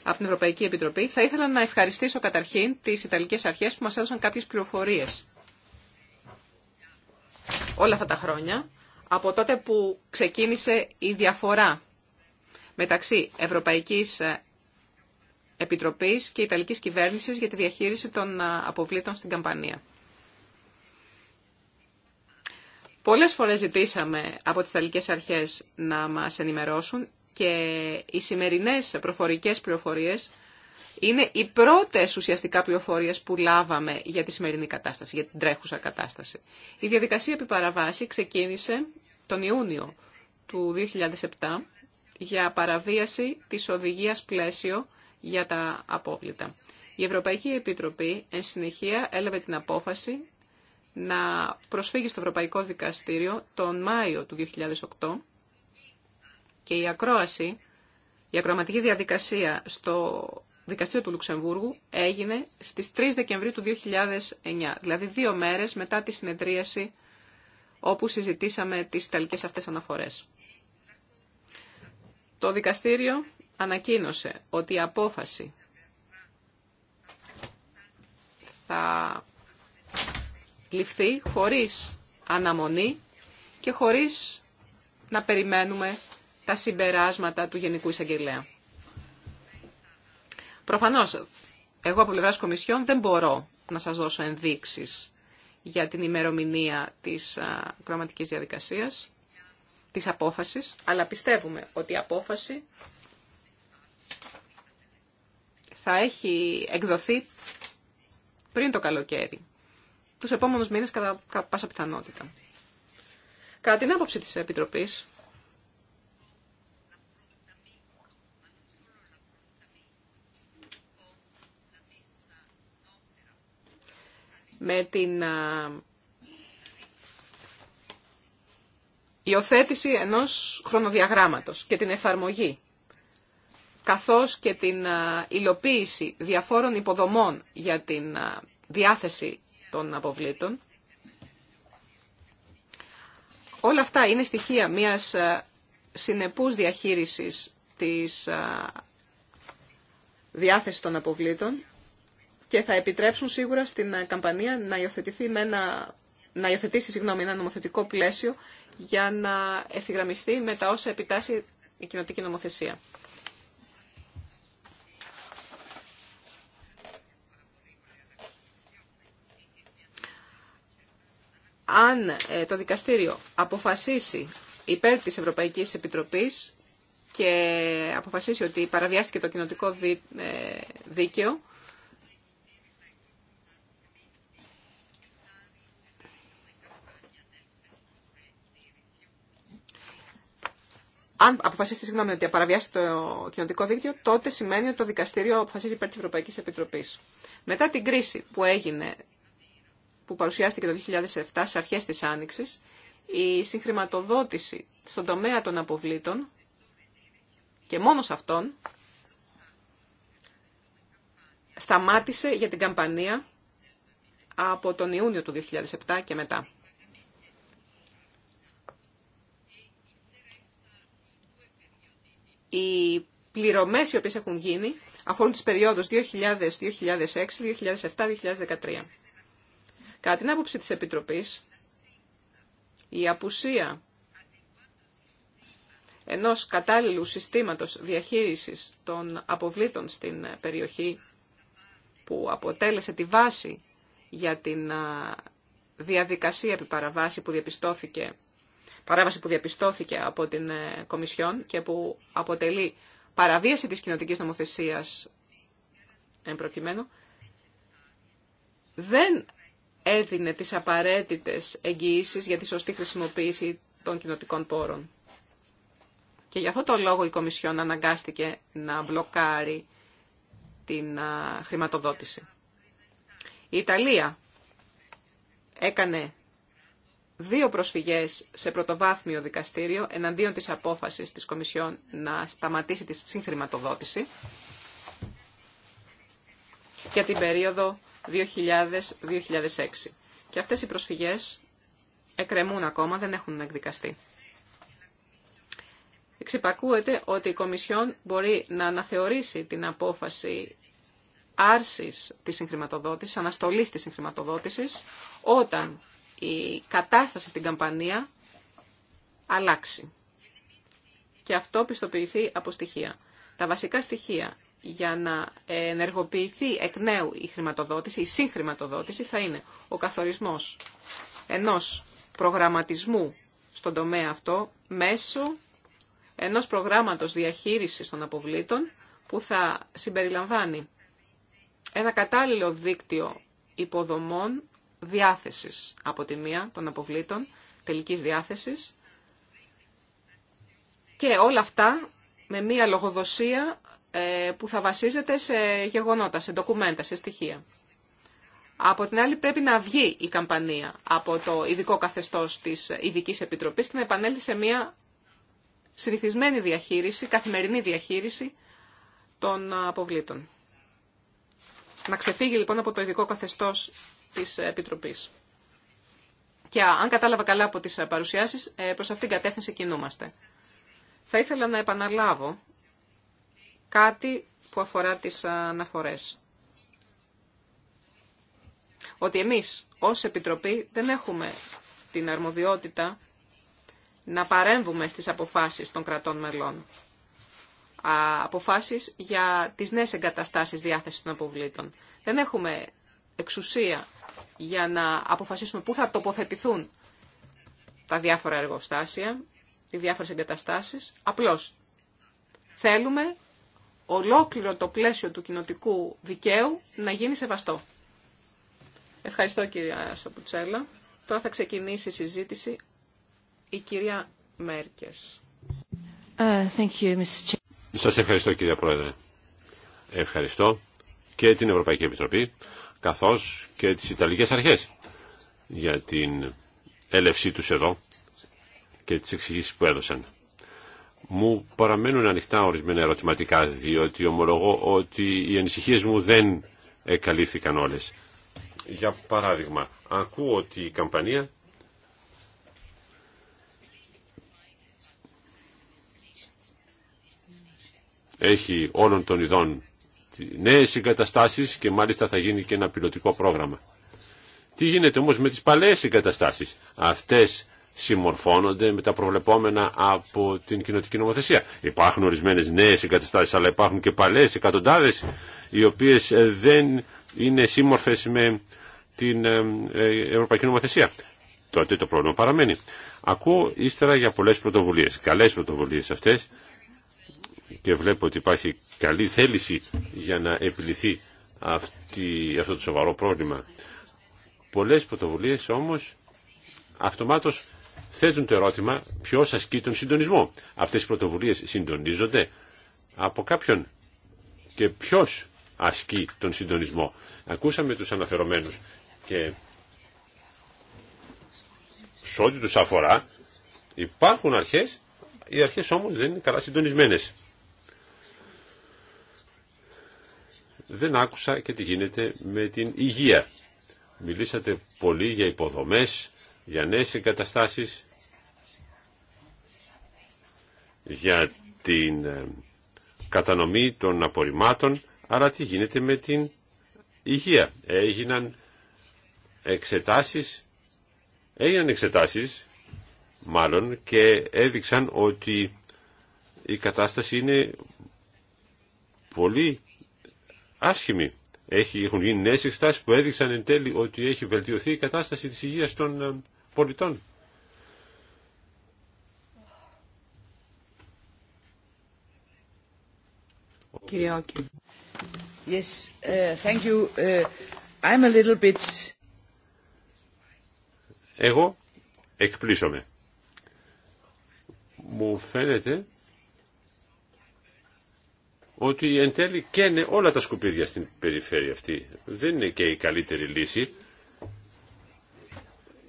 από την Ευρωπαϊκή Επιτροπή, θα ήθελα να ευχαριστήσω καταρχήν τις Ιταλικές Αρχές που μας έδωσαν κάποιες πληροφορίες όλα αυτά τα χρόνια, από τότε που ξεκίνησε η διαφορά μεταξύ Ευρωπαϊκής ε, Επιτροπής και Ιταλικής Κυβέρνησης για τη διαχείριση των ε, αποβλήτων στην Καμπανία. Πολλές φορές ζητήσαμε από τις Ιταλικές Αρχές να μας ενημερώσουν και οι σημερινές προφορικές πληροφορίες είναι οι πρώτες ουσιαστικά πληροφορίες που λάβαμε για τη σημερινή κατάσταση, για την τρέχουσα κατάσταση. Η διαδικασία επιπαραβάση ξεκίνησε τον Ιούνιο του 2007 για παραβίαση της οδηγίας πλαίσιο για τα απόβλητα. Η Ευρωπαϊκή Επιτροπή εν συνεχεία έλαβε την απόφαση να προσφύγει στο Ευρωπαϊκό Δικαστήριο τον Μάιο του 2008 και η ακρόαση, η ακροαματική διαδικασία στο Δικαστήριο του Λουξεμβούργου έγινε στις 3 Δεκεμβρίου του 2009, δηλαδή δύο μέρες μετά τη συνεδρίαση όπου συζητήσαμε τις ιταλικές αυτές αναφορές. Το δικαστήριο ανακοίνωσε ότι η απόφαση θα ληφθεί χωρίς αναμονή και χωρίς να περιμένουμε τα συμπεράσματα του Γενικού Εισαγγελέα. Προφανώς, εγώ από πλευράς Κομισιόν δεν μπορώ να σας δώσω ενδείξεις για την ημερομηνία της κραματικής διαδικασίας, της απόφασης, αλλά πιστεύουμε ότι η απόφαση θα έχει εκδοθεί πριν το καλοκαίρι τους επόμενους μήνες κατά πάσα πιθανότητα. Κατά την άποψη της Επιτροπής, με την υιοθέτηση ενός χρονοδιαγράμματος και την εφαρμογή, καθώς και την υλοποίηση διαφόρων υποδομών για την διάθεση των αποβλήτων. Όλα αυτά είναι στοιχεία μιας ε, συνεπούς διαχείρισης της ε, διάθεσης των αποβλήτων και θα επιτρέψουν σίγουρα στην ε, καμπανία να, υιοθετηθεί με να υιοθετήσει συγγνώμη, ένα νομοθετικό πλαίσιο για να ευθυγραμμιστεί με τα όσα επιτάσσει η κοινοτική νομοθεσία. αν ε, το δικαστήριο αποφασίσει υπέρ της Ευρωπαϊκής Επιτροπής και αποφασίσει ότι παραβιάστηκε το κοινοτικό ε, δίκαιο, Αν αποφασίσετε, συγγνώμη, ότι παραβιάσετε το κοινοτικό δίκαιο, τότε σημαίνει ότι το δικαστήριο αποφασίζει υπέρ τη Ευρωπαϊκή Επιτροπή. Μετά την κρίση που έγινε που παρουσιάστηκε το 2007 σε αρχές της Άνοιξης, η συγχρηματοδότηση στον τομέα των αποβλήτων και μόνο σε αυτόν σταμάτησε για την καμπανία από τον Ιούνιο του 2007 και μετά. Οι πληρωμές οι οποίες έχουν γίνει αφορούν τις περιόδους 2000, 2006, 2007, 2013. Κατά την άποψη της Επιτροπής, η απουσία ενός κατάλληλου συστήματος διαχείρισης των αποβλήτων στην περιοχή που αποτέλεσε τη βάση για την διαδικασία που διαπιστώθηκε, παράβαση που διαπιστώθηκε από την ε, Κομισιόν και που αποτελεί παραβίαση της κοινοτικής νομοθεσίας εν προκειμένου, δεν έδινε τις απαραίτητες εγγυήσεις για τη σωστή χρησιμοποίηση των κοινοτικών πόρων. Και γι' αυτό το λόγο η Κομισιόν αναγκάστηκε να μπλοκάρει την χρηματοδότηση. Η Ιταλία έκανε δύο προσφυγές σε πρωτοβάθμιο δικαστήριο εναντίον της απόφασης της Κομισιόν να σταματήσει τη συγχρηματοδότηση για την περίοδο 2000-2006. Και αυτές οι προσφυγές εκρεμούν ακόμα, δεν έχουν εκδικαστεί. Εξυπακούεται ότι η Κομισιόν μπορεί να αναθεωρήσει την απόφαση άρσης της συγχρηματοδότησης, αναστολής της συγχρηματοδότησης, όταν η κατάσταση στην καμπανία αλλάξει. Και αυτό πιστοποιηθεί από στοιχεία. Τα βασικά στοιχεία για να ενεργοποιηθεί εκ νέου η χρηματοδότηση, η συγχρηματοδότηση θα είναι ο καθορισμός ενός προγραμματισμού στον τομέα αυτό μέσω ενός προγράμματος διαχείρισης των αποβλήτων που θα συμπεριλαμβάνει ένα κατάλληλο δίκτυο υποδομών διάθεσης από τη μία των αποβλήτων, τελικής διάθεσης και όλα αυτά με μία λογοδοσία ε, που θα βασίζεται σε γεγονότα, σε ντοκουμέντα, σε στοιχεία. Από την άλλη πρέπει να βγει η καμπανία από το ειδικό καθεστώς της ειδική Επιτροπής και να επανέλθει σε μια συνηθισμένη διαχείριση, καθημερινή διαχείριση των αποβλήτων. Να ξεφύγει λοιπόν από το ειδικό καθεστώς της Επιτροπής. Και αν κατάλαβα καλά από τις παρουσιάσεις, ε, προς αυτήν την κατεύθυνση κινούμαστε. Θα ήθελα να επαναλάβω κάτι που αφορά τις αναφορές. Ότι εμείς ως Επιτροπή δεν έχουμε την αρμοδιότητα να παρέμβουμε στις αποφάσεις των κρατών μελών. Αποφάσεις για τις νέες εγκαταστάσεις διάθεσης των αποβλήτων. Δεν έχουμε εξουσία για να αποφασίσουμε πού θα τοποθετηθούν τα διάφορα εργοστάσια, οι διάφορες εγκαταστάσεις. Απλώς θέλουμε ολόκληρο το πλαίσιο του κοινοτικού δικαίου να γίνει σεβαστό. Ευχαριστώ κυρία Σαπουτσέλα. Τώρα θα ξεκινήσει η συζήτηση η κυρία Μέρκες. Uh, thank you, Σας ευχαριστώ κυρία Πρόεδρε. Ευχαριστώ και την Ευρωπαϊκή Επιτροπή καθώς και τις Ιταλικές Αρχές για την έλευσή τους εδώ και τις εξηγήσεις που έδωσαν μου παραμένουν ανοιχτά ορισμένα ερωτηματικά, διότι ομολογώ ότι οι ανησυχίες μου δεν καλύφθηκαν όλες. Για παράδειγμα, ακούω ότι η καμπανία έχει όλων των ειδών νέες εγκαταστάσεις και μάλιστα θα γίνει και ένα πιλωτικό πρόγραμμα. Τι γίνεται όμως με τις παλαιές εγκαταστάσεις. Αυτές συμμορφώνονται με τα προβλεπόμενα από την κοινοτική νομοθεσία. Υπάρχουν ορισμένε νέε εγκαταστάσει, αλλά υπάρχουν και παλές εκατοντάδε, οι οποίες ε, δεν είναι σύμμορφε με την ε, ε, Ευρωπαϊκή Νομοθεσία. Τότε το πρόβλημα παραμένει. Ακούω ύστερα για πολλές πρωτοβουλίες, καλέ πρωτοβουλίες αυτές, και βλέπω ότι υπάρχει καλή θέληση για να επιληθεί αυτή, αυτό το σοβαρό πρόβλημα. Πολλές πρωτοβουλίες όμως αυτομάτως θέτουν το ερώτημα ποιο ασκεί τον συντονισμό. Αυτές οι πρωτοβουλίε συντονίζονται από κάποιον και ποιο ασκεί τον συντονισμό. Ακούσαμε τους αναφερομένους και σε ό,τι τους αφορά υπάρχουν αρχές, οι αρχές όμω δεν είναι καλά συντονισμένες. Δεν άκουσα και τι γίνεται με την υγεία. Μιλήσατε πολύ για υποδομές, για νέες εγκαταστάσεις για την ε, κατανομή των απορριμμάτων, αλλά τι γίνεται με την υγεία. Έγιναν εξετάσεις, έγιναν εξετάσεις μάλλον και έδειξαν ότι η κατάσταση είναι πολύ άσχημη. έχουν γίνει νέες εξετάσεις που έδειξαν εν τέλει ότι έχει βελτιωθεί η κατάσταση της υγείας των ε, πολιτών. Uh, uh, Εγώ εκπλήσωμαι. Μου φαίνεται ότι εν τέλει καίνε όλα τα σκουπίδια στην περιφέρεια αυτή. Δεν είναι και η καλύτερη λύση.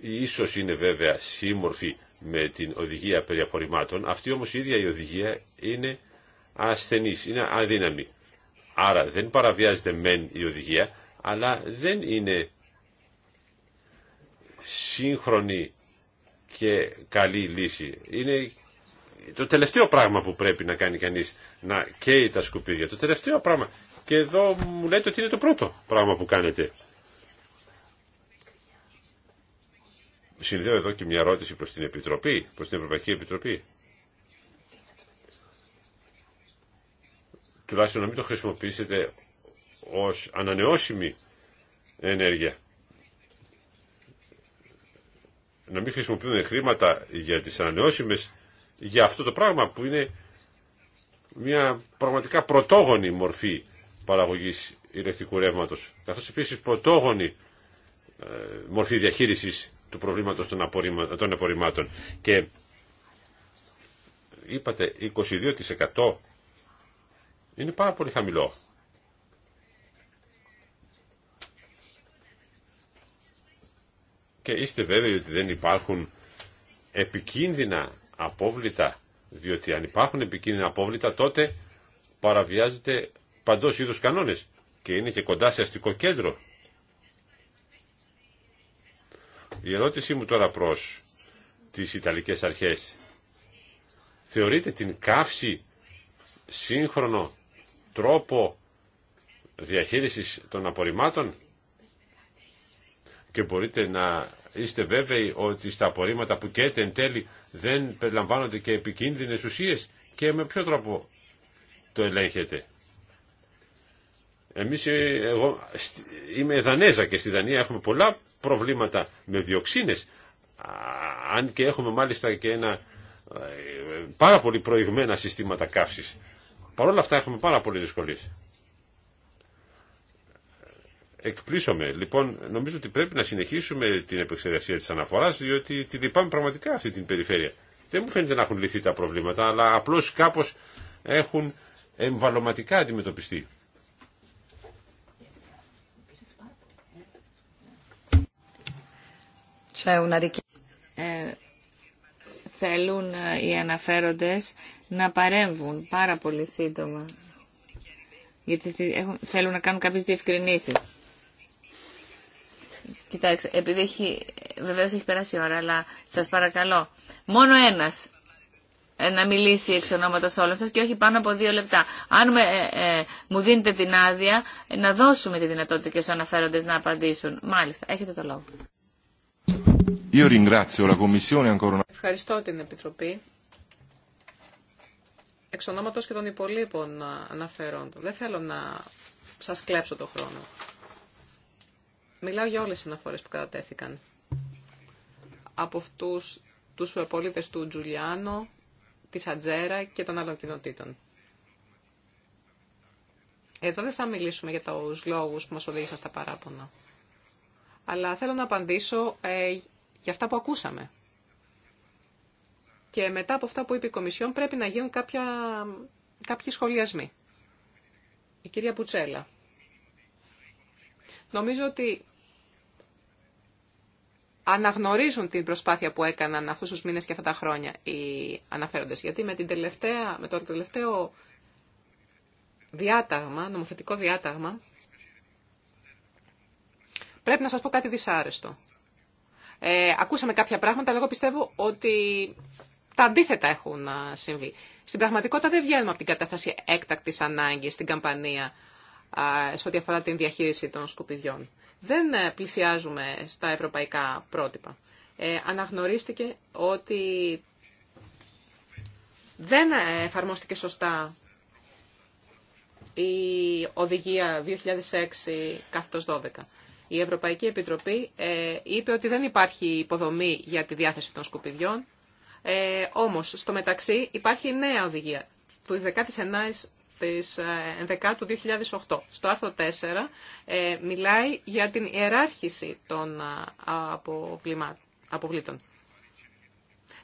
Ίσως είναι βέβαια σύμμορφη με την οδηγία περί απορριμμάτων. Αυτή όμως η ίδια η οδηγία είναι ασθενείς, είναι αδύναμη, Άρα δεν παραβιάζεται μεν η οδηγία, αλλά δεν είναι σύγχρονη και καλή λύση. Είναι το τελευταίο πράγμα που πρέπει να κάνει κανείς να καίει τα σκουπίδια. Το τελευταίο πράγμα. Και εδώ μου λέτε ότι είναι το πρώτο πράγμα που κάνετε. Συνδέω εδώ και μια ερώτηση προς την Επιτροπή, προς την Ευρωπαϊκή Επιτροπή. τουλάχιστον να μην το χρησιμοποιήσετε ως ανανεώσιμη ενέργεια. Να μην χρησιμοποιούν χρήματα για τις ανανεώσιμες για αυτό το πράγμα που είναι μια πραγματικά πρωτόγονη μορφή παραγωγής ηλεκτρικού ρεύματος, καθώς επίσης πρωτόγονη ε, μορφή διαχείρισης του προβλήματος των απορριμμάτων. Και είπατε 22% είναι πάρα πολύ χαμηλό. Και είστε βέβαιοι ότι δεν υπάρχουν επικίνδυνα απόβλητα, διότι αν υπάρχουν επικίνδυνα απόβλητα τότε παραβιάζεται παντός είδους κανόνες και είναι και κοντά σε αστικό κέντρο. Η ερώτησή μου τώρα προς τις Ιταλικές αρχές. Θεωρείτε την καύση σύγχρονο τρόπο διαχείρισης των απορριμμάτων και μπορείτε να είστε βέβαιοι ότι στα απορρίμματα που καίτε εν τέλει δεν περιλαμβάνονται και επικίνδυνες ουσίες και με ποιο τρόπο το ελέγχετε. Εμείς, ε, εγώ είμαι Δανέζα και στη Δανία έχουμε πολλά προβλήματα με διοξίνες αν και έχουμε μάλιστα και ένα ε, πάρα πολύ προηγμένα συστήματα καύσης. Παρ' όλα αυτά έχουμε πάρα πολύ δυσκολίες. Εκπλήσωμε. Λοιπόν, νομίζω ότι πρέπει να συνεχίσουμε την επεξεργασία της αναφοράς, διότι τη λυπάμαι πραγματικά αυτή την περιφέρεια. Δεν μου φαίνεται να έχουν λυθεί τα προβλήματα, αλλά απλώς κάπως έχουν εμβαλωματικά αντιμετωπιστεί. Ε, Θέλουν ε, οι αναφέροντες να παρέμβουν πάρα πολύ σύντομα, γιατί θέλουν να κάνουν κάποιες διευκρινήσεις. Κοιτάξτε, επειδή έχει, βεβαίως έχει περάσει η ώρα, αλλά σας παρακαλώ, μόνο ένας ε, να μιλήσει εξ ονόματος όλων σας και όχι πάνω από δύο λεπτά. Αν ε, μου δίνετε την άδεια, να δώσουμε τη δυνατότητα και στους αναφέροντες να απαντήσουν. Μάλιστα, έχετε το λόγο. Ευχαριστώ την Επιτροπή. Εξ ονόματος και των υπολείπων αναφέροντων. Δεν θέλω να σας κλέψω το χρόνο. Μιλάω για όλες τις αναφορές που κατατέθηκαν. Από αυτούς τους πολίτες του Τζουλιάνο, της Ατζέρα και των άλλων κοινοτήτων. Εδώ δεν θα μιλήσουμε για τους λόγους που μας οδήγησαν στα παράπονα. Αλλά θέλω να απαντήσω ε, για αυτά που ακούσαμε. Και μετά από αυτά που είπε η Κομισιόν πρέπει να γίνουν κάποια, κάποιοι σχολιασμοί. Η κυρία Πουτσέλα. Νομίζω ότι αναγνωρίζουν την προσπάθεια που έκαναν αυτούς τους μήνες και αυτά τα χρόνια οι αναφέροντες. Γιατί με, την τελευταία, με το τελευταίο διάταγμα, νομοθετικό διάταγμα, πρέπει να σας πω κάτι δυσάρεστο. Ε, ακούσαμε κάποια πράγματα, αλλά εγώ πιστεύω ότι τα αντίθετα έχουν ε, συμβεί. Στην πραγματικότητα δεν βγαίνουμε από την κατάσταση έκτακτης ανάγκης στην καμπανία σε ό,τι αφορά την διαχείριση των σκουπιδιών. Δεν ε, πλησιάζουμε στα ευρωπαϊκά πρότυπα. Ε, αναγνωρίστηκε ότι δεν εφαρμόστηκε σωστά η οδηγία 2006 12. Η Ευρωπαϊκή Επιτροπή ε, είπε ότι δεν υπάρχει υποδομή για τη διάθεση των σκουπιδιών. Ε, όμως, στο μεταξύ υπάρχει νέα οδηγία του 19 της ε, του 2008. Στο άρθρο 4 ε, μιλάει για την ιεράρχηση των αποβλήτων.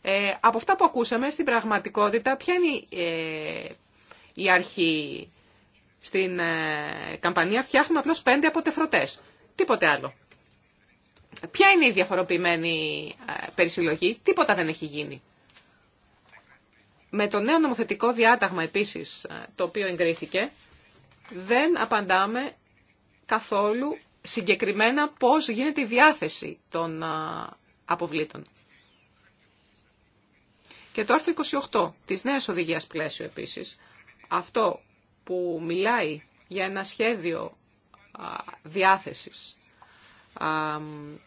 Ε, από αυτά που ακούσαμε, στην πραγματικότητα, ποια είναι η αρχή στην καμπανία, φτιάχνουμε απλώς πέντε αποτεφρωτές. Τίποτε άλλο. Ποια είναι η διαφοροποιημένη ε, περισυλλογή. Τίποτα δεν έχει γίνει. Με το νέο νομοθετικό διάταγμα επίσης ε, το οποίο εγκρίθηκε δεν απαντάμε καθόλου συγκεκριμένα πώς γίνεται η διάθεση των ε, αποβλήτων. Και το άρθρο 28 της νέας οδηγίας πλαίσιο επίσης, αυτό που μιλάει για ένα σχέδιο διάθεσης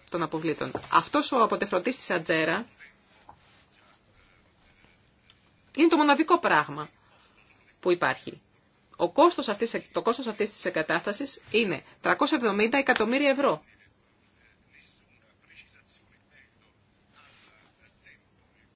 των αποβλήτων. Αυτός ο αποτεφρωτής της Ατζέρα είναι το μοναδικό πράγμα που υπάρχει. Ο κόστος αυτής, το κόστος αυτής της εγκατάστασης είναι 370 εκατομμύρια ευρώ.